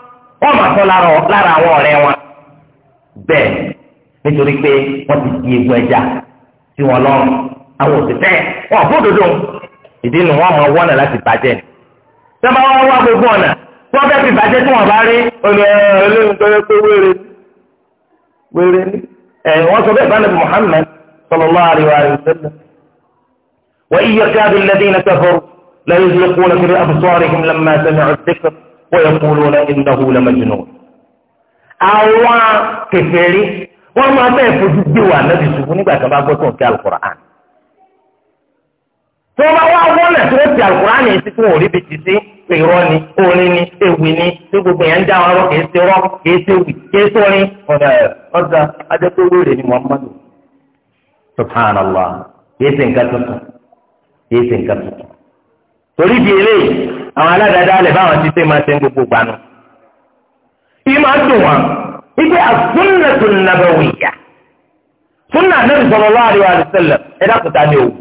wọ́n máa tọ́ lára àwọn ọ̀rẹ́ wọn bẹ́ẹ̀ nítorí pé wọ́n ti di egbò ẹja tí wọ́n lọ́rùn àwọn òṣìṣẹ́ wọn àbódodo ìdí nu wọn máa wọ́nà láti bàjẹ́ ni sábà wọn wá gbogbo ọ̀nà tí wọ́n fẹ́ fi bàjẹ́ tí wọ́n bá rí olóyún tó yẹ pé wéré ni wéré ni ẹ̀ wọ́n sọ bẹ́ẹ̀ bá nàbì Muhammad sallallahu alaihi wa sallam. وإن يكاد الذين كفروا ليزلقون في أبصارهم لما سمعوا الذكر wọ́n yẹ kúrò na ìnáwó na àwọn kèfèrí wọ́n máa bẹ́ẹ̀ fojú gbé wà lẹ́bi ṣubú nígbà tí wọ́n bá gbọ́ tó ń fi alukur'an. tí wọ́n bá wá wọ́lẹ̀ tó ń fi alukur'an yẹn ni orin ni ewì ni tí gbogbo yẹn ń dá wọn rọ kìí torí di eléyìí àwọn aládàáda lè báwọn ti ṣe máa ṣe ń gbogbo gbanu. kí máa dùn wọn wípé àsúnnàtò nàbẹ̀wìyà súnà nàbì sallallahu alaihi wasallam ẹ dákúta ní òwú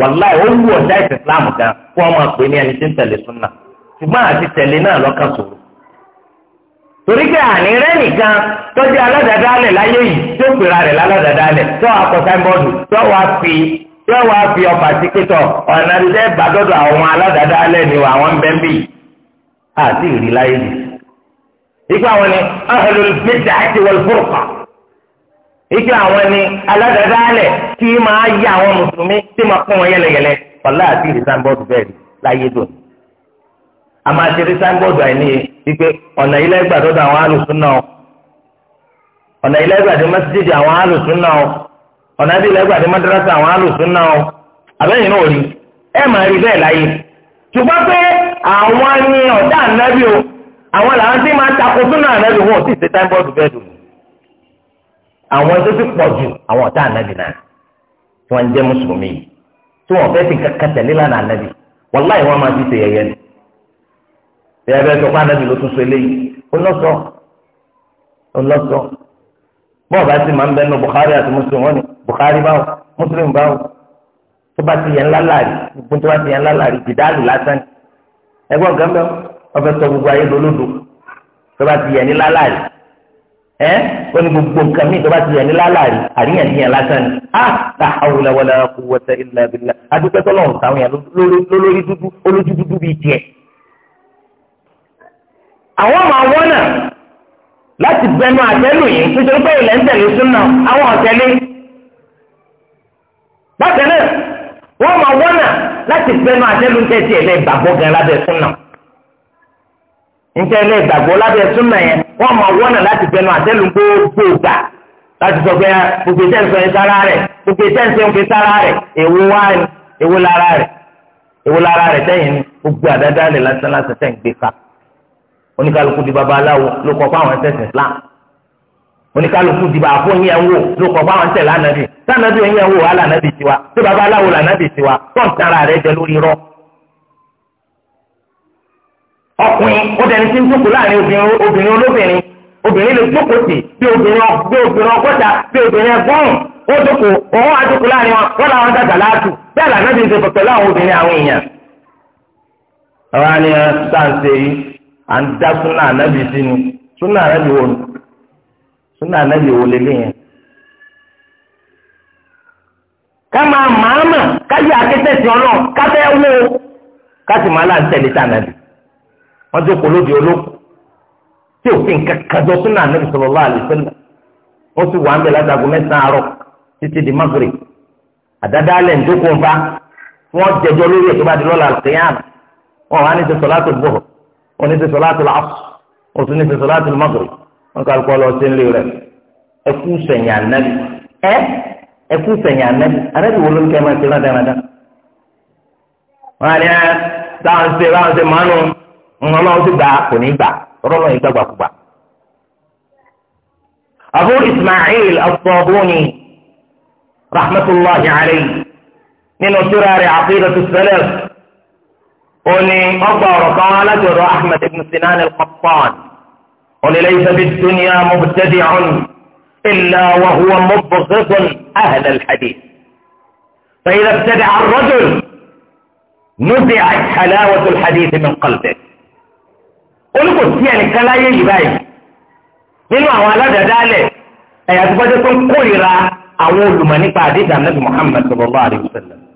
wàláì ó wù ọ̀dá ìsìn islam gan kó wọn máa pè ní ẹni tí ń tẹ̀lé súnà ṣùgbọ́n àti tẹ̀lé náà lọ́kàn sòrò. torí pé àní rẹ nìkan tọ́jú aládàáda lẹ̀ láyé yìí tó pèrà rẹ̀ láládàáda lẹ̀ tó yóò wá fi ọ̀pá sí pétọ̀ ọ̀nà ilé gbàdọ́dọ̀ àwọn aládàáda alẹ́ ni àwọn ń bẹ́ ń bì àti ìrì láyé nì. Ikú àwọn ni ahlul bid'ati wal furqa. Ikú àwọn ni aládàáda alẹ̀ tí máa yá àwọn mùsùlùmí tí máa kún wọn yẹlẹyẹlẹ. Ọ̀la àti ìrì sáńbọ́ọ̀dù bẹ́ẹ̀ ni láyé dùn. A máa ṣe rí sáńbọ́ọ̀dù àìníye wípé ọ̀nà ilé gbàdọ́dọ̀ àwọn alùsùn náà ọ̀nà ọ̀nà àti ilẹ̀gbà ní madrasa àwọn alùsùn náà àbẹ́yìn náà rí ẹ máa rí bẹ́ẹ̀ láyé ṣùgbọ́n pé àwọn ni ọ̀tá ànábì o àwọn làwọn tí máa takò súnà ànábì wọn ò sì ṣe táìbọ́ọ̀dù bẹ́ẹ̀ dùn àwọn tó ti pọ̀ jù àwọn ọ̀tá ànábì náà tí wọ́n ń jẹ́ mùsùlùmí yìí tí wọ́n fẹ́ fi kankan tẹ̀lé lánàá ànábì wàláì wọ́n máa fi ṣe yẹ̀yẹ́ ni ìyá bẹ́ẹ̀ sọ pé ànábì ló tún so eléyìí ó lọ́sọ̀ọ́ ó lọ́sọ̀ọ́ bọ́ọ̀ bá sì máa ń bẹ́ẹ̀ nù Bukhari àti Muslim Bukhari báwo Muslim báwo tó bá ti yẹn lálàrí gbogbo tó bá ti yẹn lálàrí jìdáàlù lásán ẹgbọn gánbẹ ọbẹ sọ gbogbo ayé lọlọdọ tó bá ti yẹn ní lálàrí ẹ ó ní gbogbo nǹkan míì tó bá ti yẹn ní lálàrí àríyànjiyàn lásán á ta hawla wala quwwata illa billah adúpẹ́ tọ́lọ́run táwọn yẹn lórí dúdú olójú dúdú bíi tiẹ̀. àwọn ọmọ àwọn náà láti bẹnu àtẹ́lù yìí nítorí pé ilẹ̀ ń tẹ̀lé súnà àwọn ọ̀tẹ́lé bákan náà wọ́n máa wọ́nà láti fẹ́nu àtẹ́lu ńkẹ́ tí ẹ̀lẹ́ ìgbàgbọ́ gan lábẹ́ súnà ńkẹ́ ẹ̀lẹ́ ìgbàgbọ́ lábẹ́ súnà yẹn wọ́n máa wọ́nà láti fẹ́nu àtẹ́lu gbogbo gbà láti sọ pé ah, gbogbo ìtẹ́nsọ yẹn sára rẹ̀ gbogbo ìtẹ́nsọ yẹn sára rẹ̀ èwo wá ni èwo lára rẹ̀ èwo lára rẹ̀ sẹ́yìn ni gbogbo àdáda rẹ̀ lásán lásán sẹ́yìn gbé ká oníkàlùkù di babaláwo ló kọ́ fáwọn ẹ̀sẹ̀ Islam oníkálukú dìbò àpò yín ẹ̀ ń wò ló kọ̀ fáwọn tẹ̀lé ànábì tànábì yín ẹ̀ ń wò wà lànábì tiwa tí baba aláwo lànábì tiwa tọ́n tara rẹ̀ jẹ lórí rọ. ọkùnrin ó dẹni tí ń jókòó láàrin obìnrin olóbìnrin obìnrin lè bí obìnrin bí obìnrin ó òun láàrin wọn wọn làwọn dàgbà láàtù ń obìnrin àwọn èèyàn. àníyàn súnà anábì wo lélẹ̀ yẹn. ká máa màámà káyé akétẹ̀sí ọ̀nà káfẹ́ wó káṣí màá là ń tẹ̀lé tá ànábì wọ́n ti kò lóde olóko tí òfin kàkàjọ súnà anábì sallallahu alaihi wasallam wọ́n ti wà ń bẹ̀ látàgùn mẹ́sàn-án àárọ̀ títí di maghrib àdáda alẹ́ ń dókòó nfa wọ́n jẹjọ lórí ẹ̀ tó lọ́la al-qiyama wà ní ti sọ̀látù dhuhr wọ́n ní ti sọ̀látù al-asr wọ́n ní ti sọ̀látù al wọn kà lóko lọ sí nílé rẹ ẹkú sẹyìn anabi ẹ ẹkú sẹyìn anabi anabi wo ló ń kẹ máa ṣe rádaràdà wọn àlẹ ẹ táwọn ṣe báwọn ṣe máa nù ńlọ lọ́wọ́ ti gbà kò ní gbà ọ̀rọ̀ lọ́yìn gbàgbàkúgbà. Abu Ismail As-Sabuni rahmatulahi alayhi nínú tírarẹ̀ Aqidatu Salaf ó ní ọgbà ọ̀rọ̀ kan láti ọ̀dọ̀ Ahmed ibn Sinan al-Qattan. قل ليس في الدنيا مبتدع إلا وهو مبغض أهل الحديث فإذا ابتدع الرجل نزعت حلاوة الحديث من قلبه قل قل يعني كلا يجبعي من أولا ذلك أي أتبدا تنقل إلى أول من بعد ذلك محمد صلى الله عليه وسلم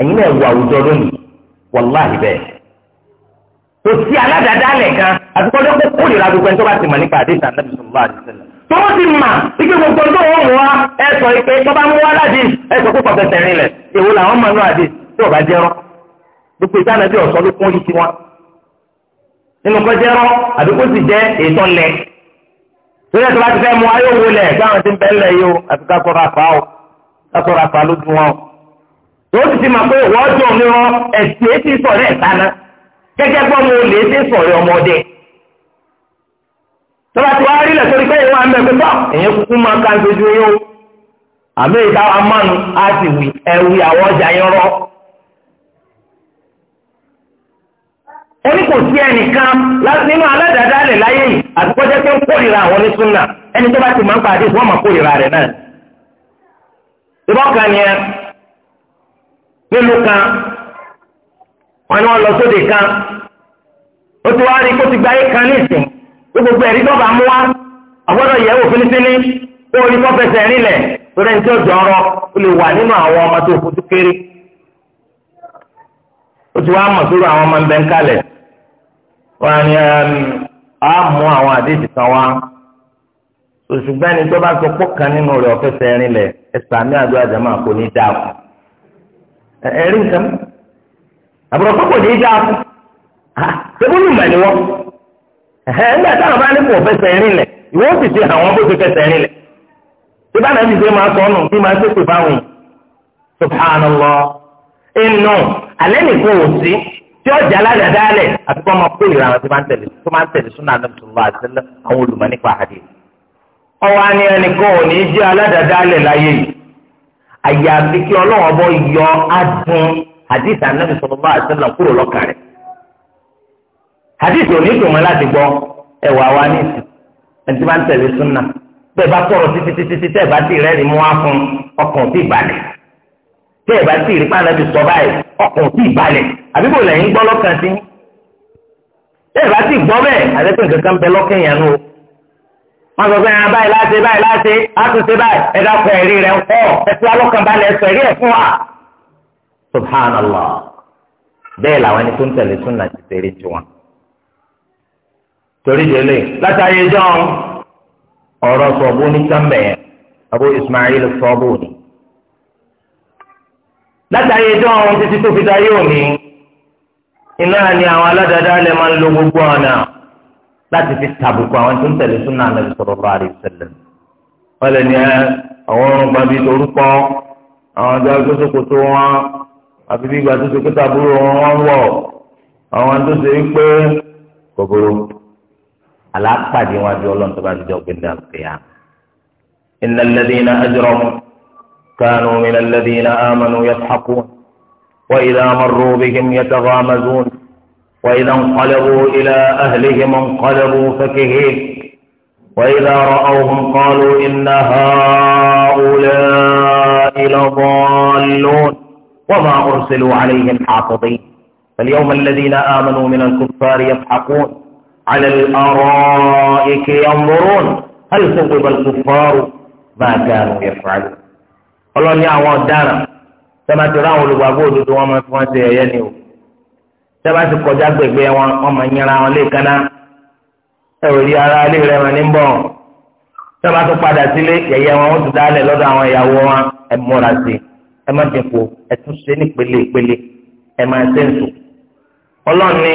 أين هو والله باهي kò sí aládàádálẹ̀ kan àtúkọ́jọ́ pé kó lè ra gbogbo ẹni tó bá ti mọ̀ nípa àdéhùn àti àdéhùn bá àdéhùn sẹ́lẹ̀. tó wọ́n ti mà ike gbogbo tó wọ́n mú wa ẹ sọ pé tó bá mú wa láti ẹ sọ pé kò fẹsẹ̀ rin lẹ̀ èwo làwọn máa ń lọ àdé tí ò bá jẹ́rọ́ gbogbo ìdáná bí ọ̀sọ́ ló kún yìí tiwọn. nínú kan jẹ́rọ́ àdúgbò sì jẹ́ ètò lẹ̀ torí ẹ̀sọ́ láti fẹ́ mú ayé owó lẹ̀ o àti ká o ká sọ̀rọ̀ o. tó ti ti mà pé wọ́n jọ̀ gẹ́gẹ́ bọ́ mo lè ṣe sọ̀rọ̀ ọmọdé tọ́ba tí wàá rí lẹ̀ sórí pé ìwà mẹ́fẹ́ tọ́ èyí kúkú máa ká dojú yó àmì ìtawà mánu á sì wì ẹ̀wì àwọn ọjà yẹn rọ́ oní kò sí ẹnìkan nínú aládàádálẹ̀ láyé yìí àtúkọ́jẹ́ pé ń kórìíra àwọn onísúnà ẹni tó bá ti máa ń pàdé wọ́n máa kórìíra rẹ̀ náà ìbọn kan yẹn nílùú kan wọn ni wọn lọ sóde kan ó ti wá rí kó ti gba ayé kan ní ìsìn ó gbogbo ẹ̀rí dọ́gba mú wá àgbọ́dọ̀ yẹ̀ wò fínífíní kó rí kó fẹsẹ̀ n'inu torí ẹni tí ó jọrọ ó lè wà nínú àwọn ọmọ tó kéré ó ti wá mọ̀ sórí àwọn ọmọ nbẹ̀ ń kalẹ̀ wọ́n ní á mú àwọn àdéhìí kan wá òṣùgbọ́n ẹni tó bá sọ pọ̀ kan nínú sebúlù mẹ ni wọn bá ní kò rìn ìwọ sì ti hàn wọn bó ti rìn tí bá nàá dìde máa sọnù bí máa ọjà aládàáda àti kọ́ máa kó máa ń tẹ̀lé tó máa ń tẹ̀lé àwọn olùmọ̀ nípa àdé ọwọ́ ní ẹnìkan ò ní jẹ́ aládàáda lẹ̀ láyé yìí àyàfi kí ọlọ́wọ́ bọ́ yọ adùn hadith òní ìdùnmọ́ láti gbọ́ ẹ̀wà wa ní ìsìn ẹni tí bá ń tẹ̀lé súnà bẹ́ẹ̀ bá sọ̀rọ̀ títí títí títí tẹ́ẹ̀ bá ti rẹ́rìí mú wá fún ọkàn tí ìbàlẹ̀ tẹ́ẹ̀ bá ti rí pàǹdàbí sọ báyìí ọkàn tí ìbàlẹ̀ àbíbò lẹ́yìn gbọ́ lọ́kàn sí tẹ́ẹ̀ bá ti gbọ́ bẹ́ẹ̀ àdẹ́pẹ́ nǹkan kan bẹ lọ́kàn yẹn nù wọn sọ pé ẹran ah, báyìí láti báyìí láti àtúnṣe báyìí ẹ̀dá kọ ẹ̀rí rẹ̀ ń kọ́ ẹ̀sìn alọ́kànbalẹ̀ ẹ̀sọ̀ ẹ̀rí ẹ̀ fún wa subhanallah bẹ́ẹ̀ làwọn ẹni tó ń tẹ̀lé súnà ti ṣeré tiwọn torí délé látàyè jọ́n ọ̀rọ̀ sọ̀bù ní kánbẹ̀ Abu Ismail sọ̀bù ni látàyè jọ́n títí tó fi dayé òní iná ni àwọn aládàáda lè máa ń lo gbogbo ọ̀nà láti fi tàbùkù àwọn tó ń tẹ̀lé súnà Ànábì sallallahu alaihi wasallam wọ́n lè ní àwọn ọ̀rùn gbàbí torúkọ àwọn ọjọ́ agbésókòtò wọn àfi bí ìgbà tó ṣe kó tàbúrò wọn wọ̀ àwọn tó ṣe é pé kòkòrò. alápàdé wọn bí ọlọ́run tó bá ti jọ gbẹ̀dẹ̀ àkùkẹ́yà. إن الذين أجرموا كانوا من الذين آمنوا يضحكون وإذا مروا بهم يتغامزون وإذا انقلبوا إلى أهلهم انقلبوا فكهين وإذا رأوهم قالوا إن هؤلاء لضالون وما أرسلوا عليهم حافظين فاليوم الذين آمنوا من الكفار يضحكون على الأرائك ينظرون هل ثقب الكفار ما كانوا يفعلون ọlọ́run ní àwọn ọ̀daràn sábà ti ráwọn olùgbàgbọ́ òdodo wọn máa fi wọn ṣe ẹ̀yẹ ni o sábà ti kọjá gbègbè wọn wọn máa yẹra wọn léèkánná ẹ ò rí ara ilé rẹ wọn ní bọ̀ sábà tó padà sílé yẹyẹ wọn ó ti dálẹ̀ lọ́dọ̀ àwọn ìyàwó wọn ẹ múra sí i ẹ má ti kú ẹ tún ṣe ní pẹ̀lẹ́ pẹ̀lẹ́ ẹ máa ṣe ń sùn ọlọ́run ní.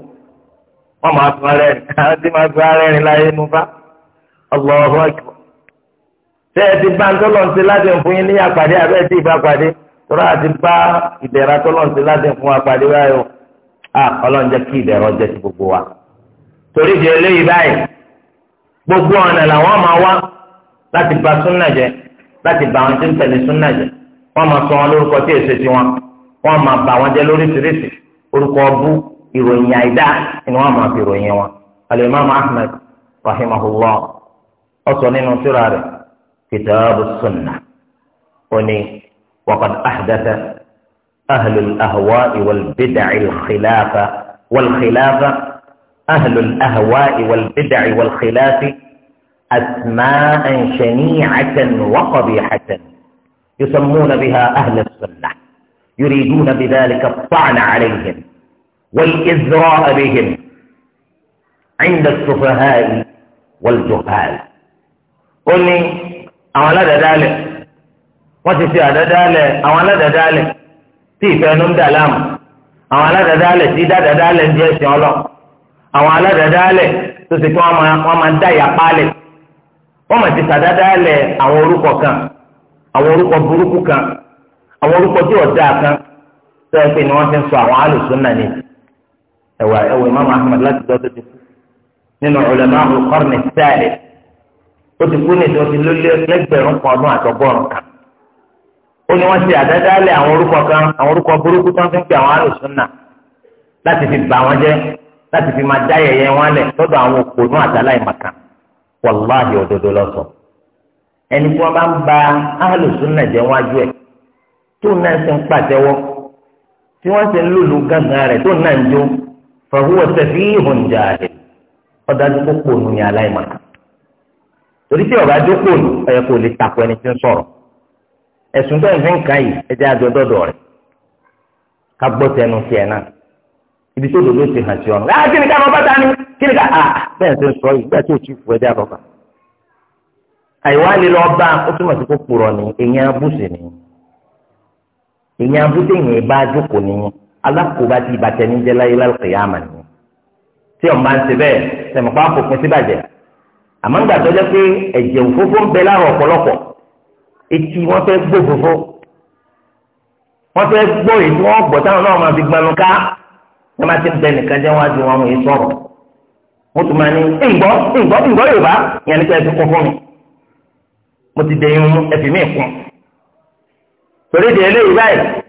wọ́n máa fi ara ẹni àwọn tí máa fi ara ẹni láyé nu bá Allahu akbar. ṣé ẹ ti bá ń tọ́lọ̀ ṣe láti fún yín ní àpàdé àbẹ́ ẹ ti ìbá pàdé tọ́lá àti bá ìdẹ̀ra tọ́lọ̀ ṣe láti fún àpàdé báyọ̀ à ọlọ́run jẹ́ kí ìdẹ̀rọ jẹ́ ti gbogbo wa. torí di eléyìí báyìí gbogbo ọ̀nà làwọn máa wá láti bà súnà jẹ́ láti bà wọn tí ń tẹ̀lé súnà jẹ́ wọ́n máa sọ wọn lórúkọ tí èso tiwọn wọ́n máa bà wọn jẹ́ lóríṣiríṣi orúkọ ọbú ìròyìn àìdá ni wọ́n máa fi ròyìn wọn. alimam ahmed rahimahullah ọsọ nínú síra rẹ̀ kìtàbù sunna òní wàkàtà àhdàtà ahlul ahwa iwal bidà ilkhilafa wal khilafa ahlul ahwa iwal bidà iwal khilafi asmaa shani'atan wa qabihatan yusammuna biha ahlus sunna yuriduna bidhalika at-ta'na alayhim. والإذراء بهم عند السفهاء والجهال ó ní àwọn aládàdálẹ̀ wọ́n ti ṣe àdàdálẹ̀ àwọn aládàdálẹ̀ tí ìfẹ́nu ń dà láàmú àwọn aládàdálẹ̀ tí dàdàdálẹ̀ ń jẹ́ ẹ̀sìn ọlọ́ àwọn aládàdálẹ̀ tó ṣe kí wọ́n máa ń dá ìyapa lẹ̀ wọ́n máa ti ṣàdàdálẹ̀ àwọn orúkọ kan àwọn orúkọ burúkú kan àwọn orúkọ tí ò dáa kan tó ẹ pé ni wọ́n fi ń sọ àwọn alùsùn náà nìyí. ẹ̀wà ẹ̀wà imam ahmed láti dọ́tọ̀ ti kú nínú ulama al-qarni al-thalith ó ti kú ní ìdí ọtí lẹ́gbẹ̀rún kan ọdún àtọ́gbọ́rún kan ó ní wọ́n ṣe àdádálẹ̀ àwọn orúkọ kan àwọn orúkọ burúkú tó ń fi ń pè àwọn alùsùnà láti fi bà wọ́n jẹ́ láti fi máa wọn lẹ̀ àwọn òpònú àtàláìmọ̀kà wàláhì òdodo lọ́sọ̀ ẹni tí wọ́n bá ń ba alùsùnà jẹ́ wájú ẹ̀ náà pàtẹ́wọ́ tí fàhùwà tẹ̀fí ìhùnjà rẹ̀ ọ̀dájú kó pònú ní aláìmọ̀ torí tí ọ̀gá jókòó ní ẹ̀yẹ kò lè takò ẹni tí ń sọ̀rọ̀ ẹ̀sùn tó ń fi ń ka yìí ẹ̀jẹ̀ àjọdọ́dọ̀ rẹ̀ ká gbọ́ tẹnu tiẹ̀ náà ibi tó dòdò ti hàn sí ọ̀nà láti ah, kí ni ká bọ́ bàtà ni kí ni ká ah, bẹ́ẹ̀ tó ń sọ yìí bẹ́ẹ̀ tó ti fò ẹ̀jẹ̀ àbọ̀kà alákòóbá ti ìbàtẹ ní jẹ láyé lálùkìyàmà ni tí ọ̀n bá ń ṣe bẹ́ẹ̀ tẹ̀mọ̀pá fòpin síbàjẹ́ àmọ́ ń gbàtọ́ jẹ́ pé ẹ̀jẹ̀ òfófó ń bẹ láàrọ̀ ọ̀pọ̀lọpọ̀ etí wọ́n fẹ́ gbó fòfó wọ́n fẹ́ gbó èyí tí wọ́n gbọ́ táwọn náà máa fi gbanu ká wọ́n máa ti ń bẹ nìkan jẹ́ wọ́n á ju wọn èyí sọ̀rọ̀ wọ́n tún máa ní ìgbọ́ ìgbọ́ ìgbọ́ yorùbá yẹn ni pé kún fún mi mo ti dẹ̀yìn mú mí kún torí ìdè eléyìí báyìí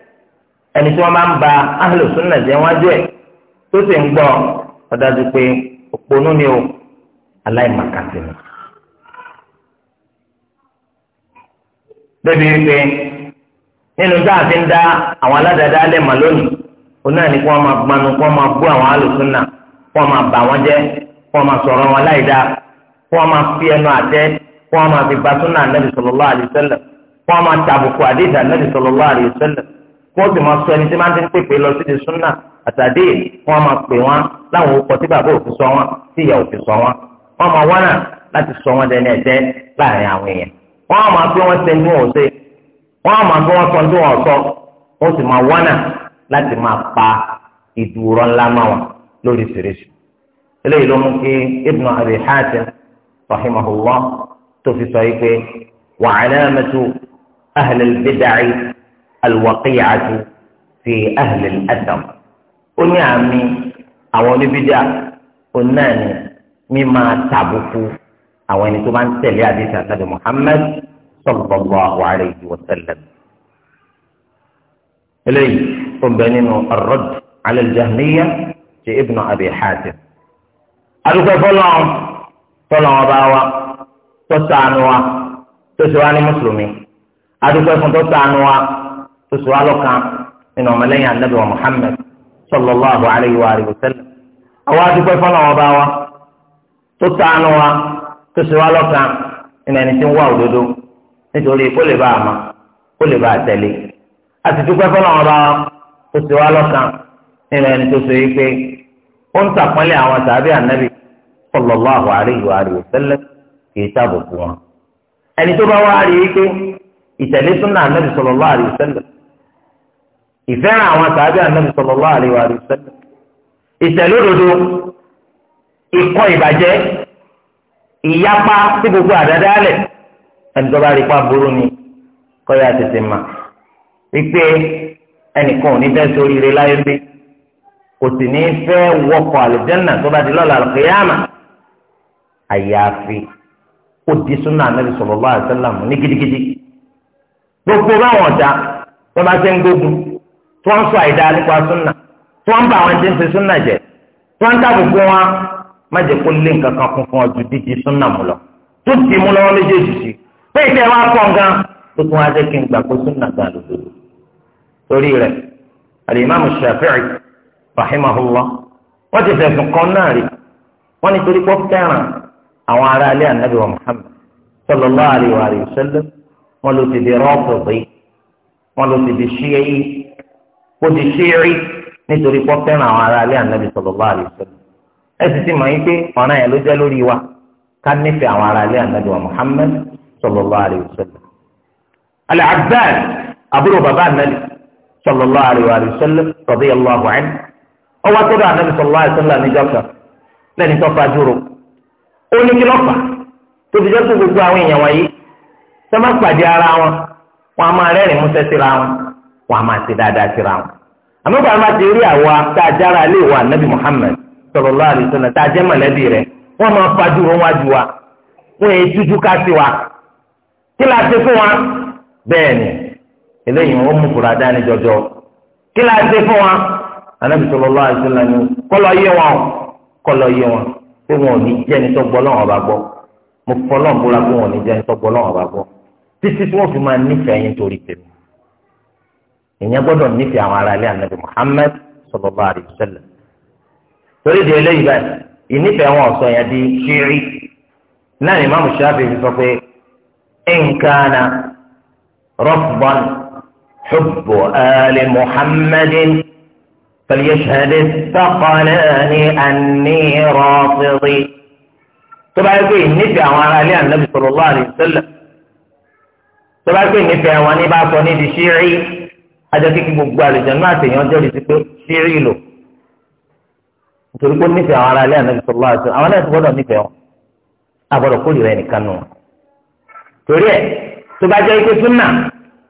ẹni tí wọ́n máa ń ba ahlu sunna jẹ́ wájú tó sì ń gbọ ọ̀dájú pé òpònú ni o aláìmàkàtì ni. débi wípé nínú táà fi ń dá àwọn aládàáda alẹ́ lónìí òun náà ni kí wọ́n gbanu kí wọ́n máa bú àwọn ahlu sunna kí wọ́n máa bà wọ́n jẹ́ kí wọ́n máa ba kí wọ́n máa tàbùkù wọ́n sì máa sọ ẹni tí máa ń ti ń pèpè lọ sí ti súnà àtàdé wọ́n máa pè wọ́n láwọn orúkọ tí bàbá òfin sọ wọ́n tí ìyá òfin sọ wọ́n wọ́n máa wọ́n láti sọ wọ́n dẹni ẹ̀dẹ́ láàrin àwọn èèyàn wọ́n máa pé wọ́n ṣe ní wọn ṣe wọ́n máa pé wọ́n sọ ní wọn sọ wọ́n sì máa wọ́n láti máa pa ìdúró ńlá máa wọn lórí ṣèrèṣì eléyìí ló mú kí Ibn Abi Hatim rahimahullah tó fi sọ yìí pé wàhálà mẹtu ahlẹ̀ الوقيعة في أهل الأثر أني عمي أو نبدأ أناني مما تعبكوا أو أن سليا بيسا محمد صلى الله عليه وسلم إليه أبنين الرد على الجهمية في ابن أبي حاتم أرجو فلان فلان باوا تسعنوا تسعني مسلمين أرجو فلان تسعنوا oṣù alọ́kan nínú ọmọlẹ́yìn anabi wa muhammed sallallahu alayhi wa alihi wa sallam. àwa adúgbò fọlọ́ wọn bá wa tó tàánú wa tó ṣe wa lọ́kan nínú ẹni tí ń wá òdodo nítorí kó lè bá a ma kó lè bá a tẹ̀lé. àti dúpẹ́ fọlọ́ wọn bá wa tó ṣe wa lọ́kan nínú ẹni tó ṣe wípé ó ń tàpọ́nlé àwọn tàbí anabi sallallahu alayhi wa sallam kì sábò fún wọn. ẹni tó bá wá rí i pé ìtẹ̀lé súnà anabi sallallahu alayhi wa sallam ìfẹ́ràn àwọn sàábì ànábì sallallahu alaihi wa sallam ìtẹ̀lódodo ìkọ̀ ìbàjẹ́ ìyapa sí gbogbo àdádálẹ̀ ẹnìjọba àríkpá burú ni kọ́yà tètè mà wípé ẹnìkan ò ní bẹ́ẹ̀ sórí rẹ láyé bí kò sì ní fẹ́ wọkọ̀ àlùjẹ́nà tó bá di lọ́la àlùkìyàmà àyàfi ó di súnà ànábì sallallahu alaihi wa sallam ní gidigidi gbogbo báwọn ọ̀tá wọn bá ti ń gbógun tí wọ́n ń sọ àìdá nípa súnà tí wọ́n ń bá àwọn ẹni tí ń súnà jẹ tí wọ́n ń dábòbò wọn má jẹ́ kó lé nǹkan kan kún fún ọ ju dídí súnà mu lọ tó ti mú lọ́wọ́ méjèèjì sí pé ìtẹ́ wa kọ̀ gan tó tún wá jẹ́ kí n gbà pé súnà gan lòdòdò torí rẹ̀ alimami shafi'i rahimahullah wọ́n ti fẹ̀sùn kan náà rí wọ́n ní torí pọ́ fẹ́ràn àwọn ará ilé ànábì wa muhammad sallallahu alayhi wa sallam wọ́n ló ti di rọ́ọ̀fù pé wọ́n ló ti di ṣíyẹ́yì kó di ṣíírí nítorí pọ́ fẹ́ràn àwọn ará ilé ànábì sallallahu alaihi wasallam ẹ sì ti mọ̀ yín pé ọ̀ràn yẹn ló jẹ́ lórí wa ká nífẹ̀ẹ́ àwọn ará ilé ànábì wa Muhammad sallallahu alaihi wasallam. Al-Abbas àbúrò bàbá ànábì sallallahu alaihi wasallam radiyallahu anhu ọwọ́ àtọ́dọ̀ ànábì sallallahu alaihi wasallam níjọ́kà lẹ́ni tó fa dúró ó ní kí lọ́fà tó fi jẹ́ kó gbogbo wọn a máa ṣe dáadáa síra wọn. àmọ́ bàbá máa ti rí àwa tá a jára lé wa nabi muhammed sallallahu alaihi wasallam tá a jẹ́ mọ̀lẹ́bí rẹ̀ wọ́n máa fajúro wájú wa wọ́n yẹ jújú ká sí wa kí la ṣe fún wa bẹ́ẹ̀ ni eléyìí wọ́n mú kura dání jọjọ kí la ṣe fún wa anabi sallallahu alaihi wasallam ni kọ́lọ́ yé wọn kọ́lọ́ yé wọn pé wọn ò ní jẹ́ni tó gbọ́ lọ́wọ́ bá gbọ́ mo fọ́ lọ́wọ́ ìyẹn gbọ́dọ̀ nífẹ̀ẹ́ àwọn ará ilé ànábì Muhammad sallallahu alaihi wasallam torí di eléyìí báyìí ìnífẹ wọn ọ̀sọ́ yẹn di ṣíírí náà ni mamu shafi fi sọ pé nǹkan rọ́bọ̀n xubbu ali Muhammadin fàlìyàṣẹ́dẹ́ sọ́kọ́lẹ́ni àní rọpìrì tó bá yẹ pé ìnífẹ̀ẹ́ àwọn ará ilé ànábì sallallahu alaihi wasallam tó bá yẹ pé ìnífẹ̀ẹ́ wọn ní bá sọ ní di ṣírí. ajá kékeré gbogbo àlejò náà àtẹ̀yàn jẹ́rìí sí pé ṣírí lò nítorí pé nífẹ̀ẹ́ àwọn ará ilé ànábi sọ̀rọ̀ àti àwọn náà ti gbọ́dọ̀ nífẹ̀ẹ́ wọn àgbọ̀dọ̀ kórìíra ẹnìkan nù wọn. torí ẹ tó bá jẹ́ ike súnà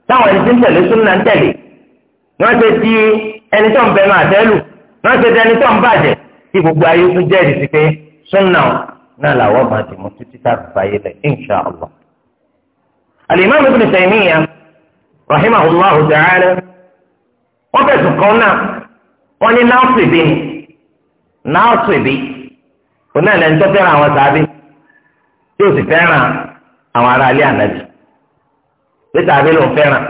táwọn ẹni tí ń tẹ̀lé súnà ń tẹ̀lé wọ́n ṣe ti ẹni tó ń bẹ máa tẹ́lù wọ́n ṣe ti ẹni tó ń bàjẹ́ tí gbogbo ayé tún jẹ́rìí sí pé súnà náà làwọn máa dì mú títí Allah. al-Imam Ibn Taymiyyah rahimahullahu ta'ala wọ́n fẹ̀sùn kan náà wọ́n ní náà sèbi ni náà sèbi òun náà tó fẹ́ràn àwọn sáábì tí ó sì fẹ́ràn àwọn ará ilé ànábì bí sáábì ló ń fẹ́ràn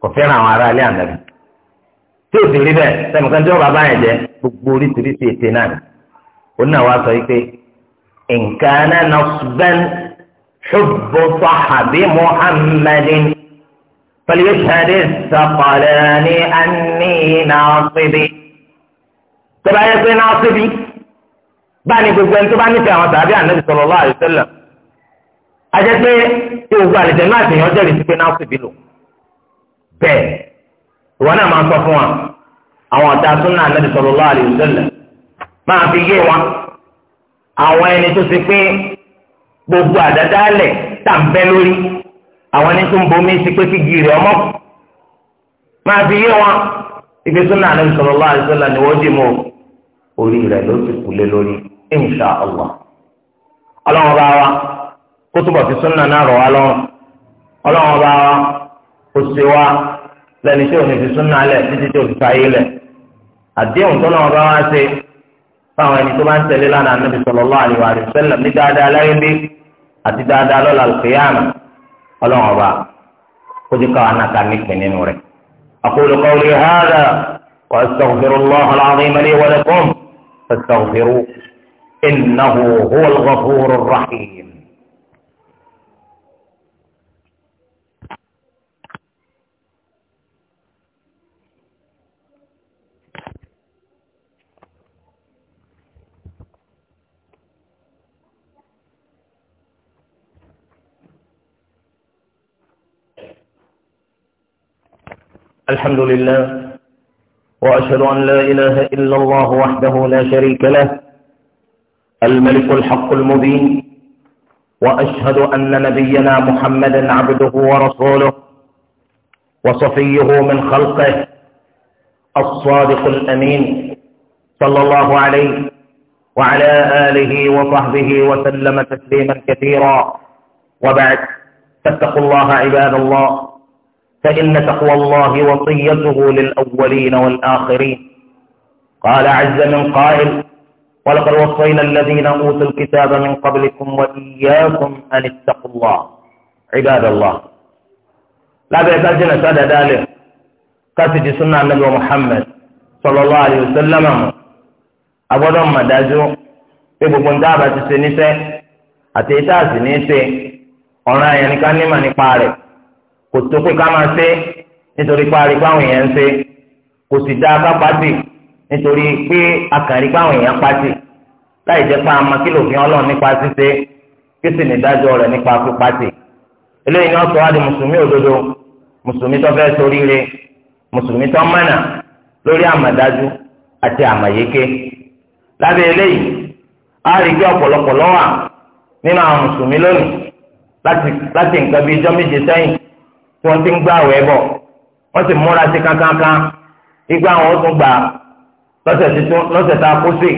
kò fẹ́ràn àwọn gbogbo oríṣiríṣi ète náà ni wa náà wá sọ yìí pé nǹkan náà فليشهد الثقلان أني ناصبي tọ́ba yẹ pé náà síbi bá ní gbogbo ẹni tó bá nífẹ̀ẹ́ àwọn tàbí ànábì sallallahu alaihi wasallam ajẹ́ pé tí gbogbo àlejò náà ti yàn jẹ́rìí sí pé náà síbi lò bẹ́ẹ̀ ìwọ náà máa sọ fún wa àwọn ọ̀tá súnà ànábì sallallahu alaihi wasallam máa fi yé wa àwọn ẹni tó ti pé gbogbo àdádálẹ̀ tà ń bẹ́ lórí àwọn ẹni tó ń bomi sí pé kí gírì ọmọ máa fi yé wọn ibi tó náà lẹ́nu sọ̀rọ̀ lọ́wọ́ àdìsọ́lá ni wọ́n dì mọ́ orí rẹ̀ ló ti kú lé lórí insha allah ọlọ́wọ́n bá wa kó túbọ̀ fi súnà náà rọ̀ wá lọ́wọ́ ọlọ́wọ́n bá wa kó ṣe wá lẹ́ni tí òun fi súnà lẹ̀ títí tí òun fi fàyè lẹ̀ àdéhùn tó lọ́wọ́ bá wa ṣe fáwọn ẹni tó bá ń tẹ̀lé lánàá níbi sọ̀rọ̀ lọ́wọ́ àdìsọ́lá ní dáadáa láyé bí àti dáadáa lọ́la àlùkìyàmù ọlọ́run ọba kójú káwa náà ká nípìn nínú rẹ̀. أقول قولي هذا وأستغفر الله العظيم لي ولكم فاستغفروه إنه هو الغفور الرحيم الحمد لله وأشهد أن لا إله إلا الله وحده لا شريك له الملك الحق المبين وأشهد أن نبينا محمدا عبده ورسوله وصفيه من خلقه الصادق الأمين صلى الله عليه وعلى آله وصحبه وسلم تسليما كثيرا وبعد فاتقوا الله عباد الله فإن تقوى الله وصيته للأولين والآخرين قال عز من قائل ولقد وصينا الذين أوتوا الكتاب من قبلكم وإياكم أن اتقوا الله عباد الله لا بيتاجنا سادة ذلك كاتج سنة النبي محمد صلى الله عليه وسلم أبو دم دازو بيبقون دابة سنسة أتيتا سنسة أنا يعني كان لما نقارب kò tó pé ká máa ṣe nítorí pé àríkú àwọn èèyàn ń ṣe kò sì dáa ká pàṣẹ nítorí pé akàríkú àwọn èèyàn pàṣẹ láì jẹ́ pé àmọ́ kí lòfin ọlọ́run nípa ṣíṣe kí sì ní ìdájọ́ rẹ̀ nípa pípàṣẹ eléyìí ni wọ́n sọ wá di mùsùlùmí òdodo mùsùlùmí tó fẹ́ ṣoríire mùsùlùmí tó mọ̀nà lórí àmàdájú àti àmàyéké lábẹ́ eléyìí a rí bí ọ̀pọ̀lọpọ̀ lọ́wọ́ nínú àwọn mùsùlùmí lónìí láti nǹkan bíi ijọ́ méje sẹ́yìn kí wọ́n ti ń gbà wẹ́ bọ̀ wọ́n sì múra sí kankankan igbá àwọn tún gbà lọ́sẹ̀ tuntun lọ́sẹ̀ tá a kó sí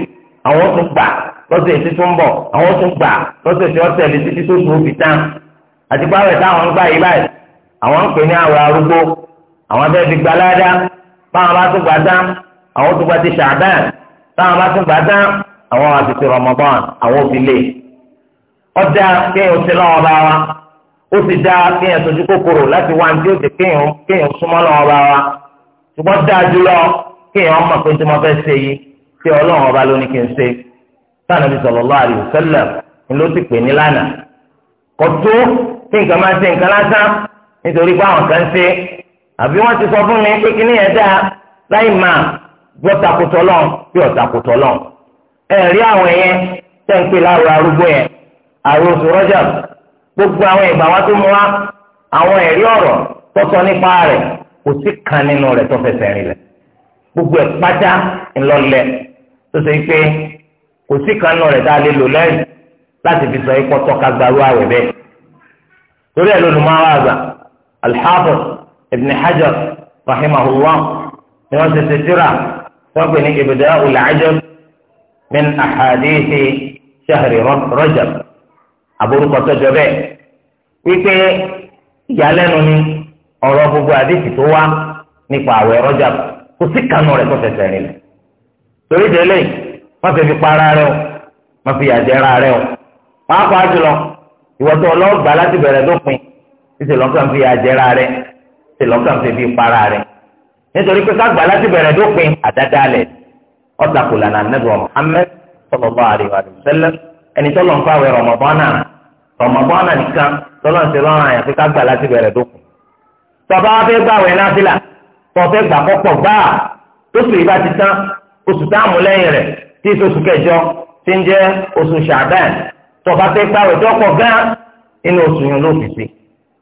àwọn ó tún gbà lọ́sẹ̀ tí tó ń bọ̀ àwọn ó tún gbà lọ́sẹ̀ tí wọ́n tẹ̀lé títí tó tó fi tán àti báwẹ̀ táwọn ń gbà yìí báyìí àwọn ń pè ní àwẹ̀ arúgbó àwọn abẹ́ fi gba ládá báwọn bá tún gbà tán àwọn tún gbà ti ṣàdán báwọn bá tún gbà tán àwọn àti ti rọmọbọ́n àwọn òfin lè ọjà kéèyàn ti lọ́wọ́ bá wa ó sì dáa kéèyàn sojú kòkòrò láti wá ní òde kéèyàn kéèyàn súnmọ́ lọ́wọ́ bá wa ṣùgbọ́n dáa jùlọ kéèyàn mọ̀ pé tí mo fẹ́ ṣe yìí tí ọlọ́run ọba ló ní kí n ṣe sànàbí sallallahu alaihi wasallam ni ló ti pè ní lánàá kò tó tí nǹkan máa ṣe nǹkan lásán nítorí pé àwọn kan ṣe àbí wọ́n ti sọ fún mi pé kíní yẹn dáa láì máa gbọ́ takùtọ̀ lọ́n bí ọ̀takùtọ̀ lọ́n ẹ̀rí àwọn yẹn tẹ́ ń pè láàrú arúgbó yẹn àròsù rọ́jà gbogbo àwọn ìgbà wa tó mú wa àwọn ẹ̀rí ọ̀rọ̀ tọ́tọ́ nípa rẹ̀ kò sí kan nínú rẹ̀ tó fẹsẹ̀ rìn lẹ̀ gbogbo ẹ̀ pátá ńlọlẹ̀ tó ṣe pé kò sí kan nínú rẹ̀ tá a lè lò lẹ́yìn láti fi sọ ikọ́ tọ́ka gbaru àwẹ̀ bẹ́ẹ̀ torí ẹ̀ lónìí máa wà àgbà al Ibn Hajar rahimahullah ni wọ́n ṣe ṣe tíra wọ́n pè ní Ibda'ul Ajab min ahadithi shahri Rajab àbórúkọ tọjọ bẹ́ẹ̀ wípé ìyàlẹ́nu ni ọ̀rọ̀ gbogbo àdéhìí tó wá nípa àwẹ̀ rọjà kò sí kanu rẹ̀ tó fẹsẹ̀ rìn lẹ̀ torí délé má fi fi para rẹ̀ o má fi yàjẹra rẹ̀ o pàápàá jùlọ ìwọtọ ọlọgbà láti bẹ̀rẹ̀ lópin títí lọkàn fi yàjẹra rẹ̀ títí lọkàn fi fi para rẹ̀ nítorí pé kágbà láti bẹ̀rẹ̀ lópin àdáda lẹ ọtakùlànà nẹbọ Muhammad sallallahu alaihi wa sallam ẹni tọ́lọ̀ ń fàwẹ̀ rọ̀mọ̀bọ́nà rọ̀mọ̀bọ́nà nìkan tọ́lọ̀ ń ṣe lọ́rùn àyàfi ká gbà láti bẹ̀rẹ̀ dókun. tọ́ba wa fẹ́ gbàwẹ̀ náfìlà tọ́ fẹ́ gbà kọ́kọ́ gbà tóṣù yìí bá ti tán oṣù táàmù lẹ́yìn rẹ̀ tí oṣù kẹjọ ti ń jẹ́ oṣù ṣàbẹ́n tọ́ba fẹ́ gbàwẹ̀ tọ́kọ̀ gán inú oṣù yìí ló fi ṣe.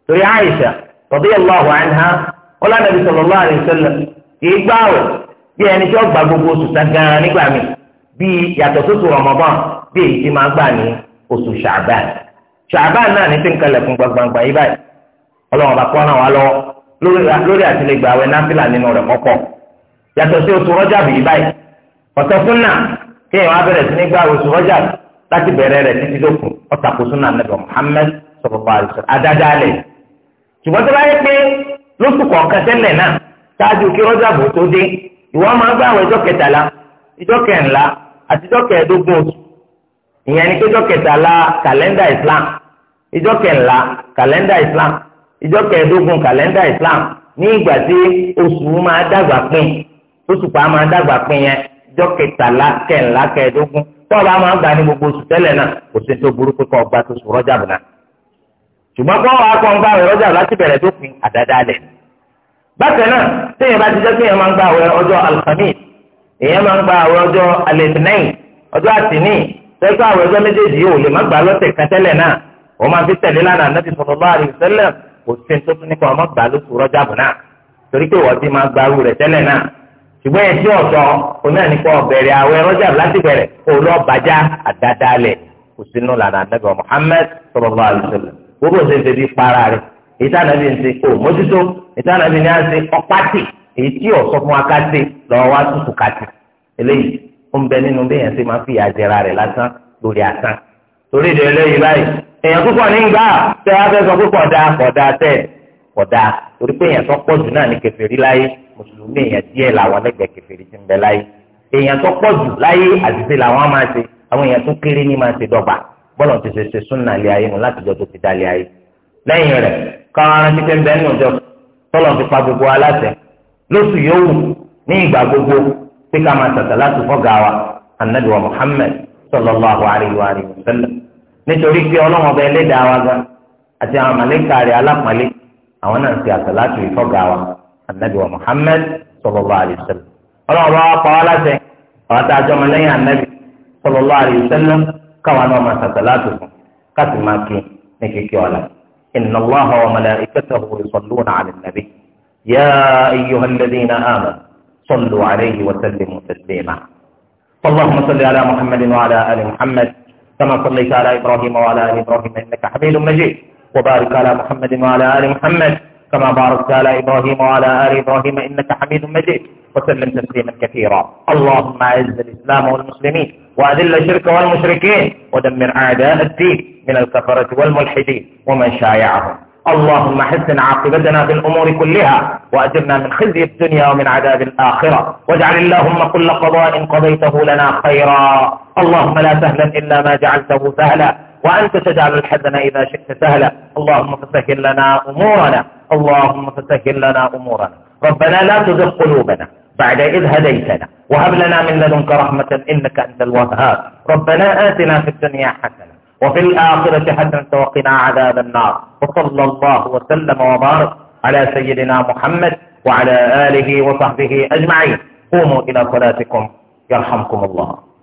torí Àìṣà radiyallahu anha bí èyí ti máa gbà ní oṣù ṣàbàn ṣàbàn náà ní ti ń kalẹ̀ fún gbangbangba yìí báyìí ọlọ́run bá kọ́ náà wá lọ́wọ́ lórí àtìlẹ́gbẹ̀ àwẹ̀ náfìlà nínú rẹ̀ kọ́kọ́ yàtọ̀ sí oṣù rọ́jà bìí báyìí ọ̀tọ̀ súnà kí èèyàn abẹ́rẹ́ sí ní gbà oṣù rọ́jà láti bẹ̀rẹ̀ rẹ̀ títí dókun ọ̀tàkù súnà nàbẹ̀ Muhammad sọ̀rọ̀fà àlùsọ̀ adádálẹ̀ ṣùgbọ́n náà ṣáájú kí rọ́jà ìyẹn ni pé ọjọ́ kẹtàlá kàlẹ́ndà islam ìjọ kẹńlá kàlẹ́ndà islam ìjọ kẹẹ̀ẹ́dógún kàlẹ́ndà islam ní ìgbà tí oṣù máa dàgbà pín oṣù pa máa dàgbà pín yẹn ìjọ kẹtàlá kẹńlá kẹẹ̀ẹ́dógún tọ́ọ̀bù á máa gbà ní gbogbo oṣù tẹ́lẹ̀ náà kò sí tó burú pé kọ́ ọgbà tó sùn rọ́jà bùnà ṣùgbọ́n kọ́ wa kọ́ ń gbà wẹ̀ rọ́jà láti bẹ̀rẹ̀ dópin àdáadáa lẹ̀ bákan náà téèyàn bá ti jẹ́ kéèyàn máa ń gbà wẹ̀ ọjọ́ alhamis èèyàn máa ń gbà wẹ̀ ọjọ́ alẹ́tìnẹ́yìn ọjọ́ àtìní tẹ́gbà àwọn ẹgbẹ́ méjèèjì yóò lè má gbà lọ́sẹ̀ kan tẹ́lẹ̀ náà wọ́n máa fi tẹ̀lé lánàá nàbì sallallahu alaihi wasallam kò sí tó tún nípa ọmọ gbà lóṣù rọ́jàbù náà torí pé wọ́n ti máa gba arú rẹ̀ tẹ́lẹ̀ náà ṣùgbọ́n ẹ̀ tí ọ̀tọ̀ onáà nípa ọ̀bẹ̀rẹ̀ àwẹ̀ rọ́jàbù láti bẹ̀rẹ̀ olóòbájá àdádálẹ̀ kò sínú lànà nàbì Muhammad sallallahu alaihi wasallam gbogbo ṣe ṣe bí para rẹ̀ ìtànàbí ń ṣe kò mójútó ni à ń ṣe ọpátì èyí tí ọ̀sọ́ fún akásí ó ń bẹ nínú béèyàn ṣe máa fi àjẹrà rẹ̀ lásán lórí àtàn torí ìdè eléyìí báyìí èèyàn púpọ̀ ní gbà tẹ wá fẹ́ sọ pé kọ̀dà kọ̀dà tẹ̀ kọ̀dà torí pé èèyàn tó pọ̀ jù náà ní kèfèrí láyé mùsùlùmí èèyàn díẹ̀ làwọn lẹ́gbẹ̀ẹ́ kèfèrí ti ń bẹ láyé èèyàn tó pọ̀ jù láyé àṣìṣe làwọn máa ṣe àwọn èèyàn tó kéré ní máa ṣe dọ́gba bọ́lọ̀ ti ṣe ṣe súnà lé ayé mu láti jọ tó ti dalẹ̀ ayé lẹ́yìn rẹ̀ káwọn ti fẹ́ pé ká máa tàtà láti fọ́gà wa anabi wa muhammed sallallahu alayhi wa sallam nítorí pé ọlọ́run ọba ẹlẹ́dàá wa gan àti àwọn màlẹ́kà rẹ̀ alápàlẹ́ àwọn náà ti àtà láti fọ́gà wa anabi wa muhammed sallallahu alayhi wa sallam ọlọ́run ọba wa pa wá láṣẹ àwọn tá a jọ ọmọ lẹ́yìn anabi sallallahu alayhi wa sallam káwọn náà máa tàtà fún káàtì máa kí ní kíkí ọ̀la. إن الله وملائكته يصلون على النبي يا أيها الذين آمنوا صلوا عليه وسلموا تسليما اللهم صل على محمد وعلى آل محمد كما صليت على إبراهيم وعلى آل إبراهيم إنك حميد مجيد وبارك على محمد وعلى آل محمد كما باركت على إبراهيم وعلى آل إبراهيم إنك حميد مجيد وسلم تسليما كثيرا اللهم أعز الإسلام والمسلمين وأذل الشرك والمشركين ودمر أعداء الدين من الكفرة والملحدين ومن شايعهم اللهم حسن عاقبتنا في الأمور كلها وأجرنا من خزي الدنيا ومن عذاب الآخرة واجعل اللهم كل قضاء قضيته لنا خيرا اللهم لا سهلا إلا ما جعلته سهلا وأنت تجعل الحزن إذا شئت سهلا اللهم فسهل لنا أمورنا اللهم فسهل لنا أمورنا ربنا لا تزغ قلوبنا بعد إذ هديتنا وهب لنا من لدنك رحمة إنك أنت الوهاب ربنا آتنا في الدنيا حسنة وفي الآخرة حتى توقنا عذاب النار وصلى الله وسلم وبارك على سيدنا محمد وعلى آله وصحبه أجمعين قوموا إلى صلاتكم يرحمكم الله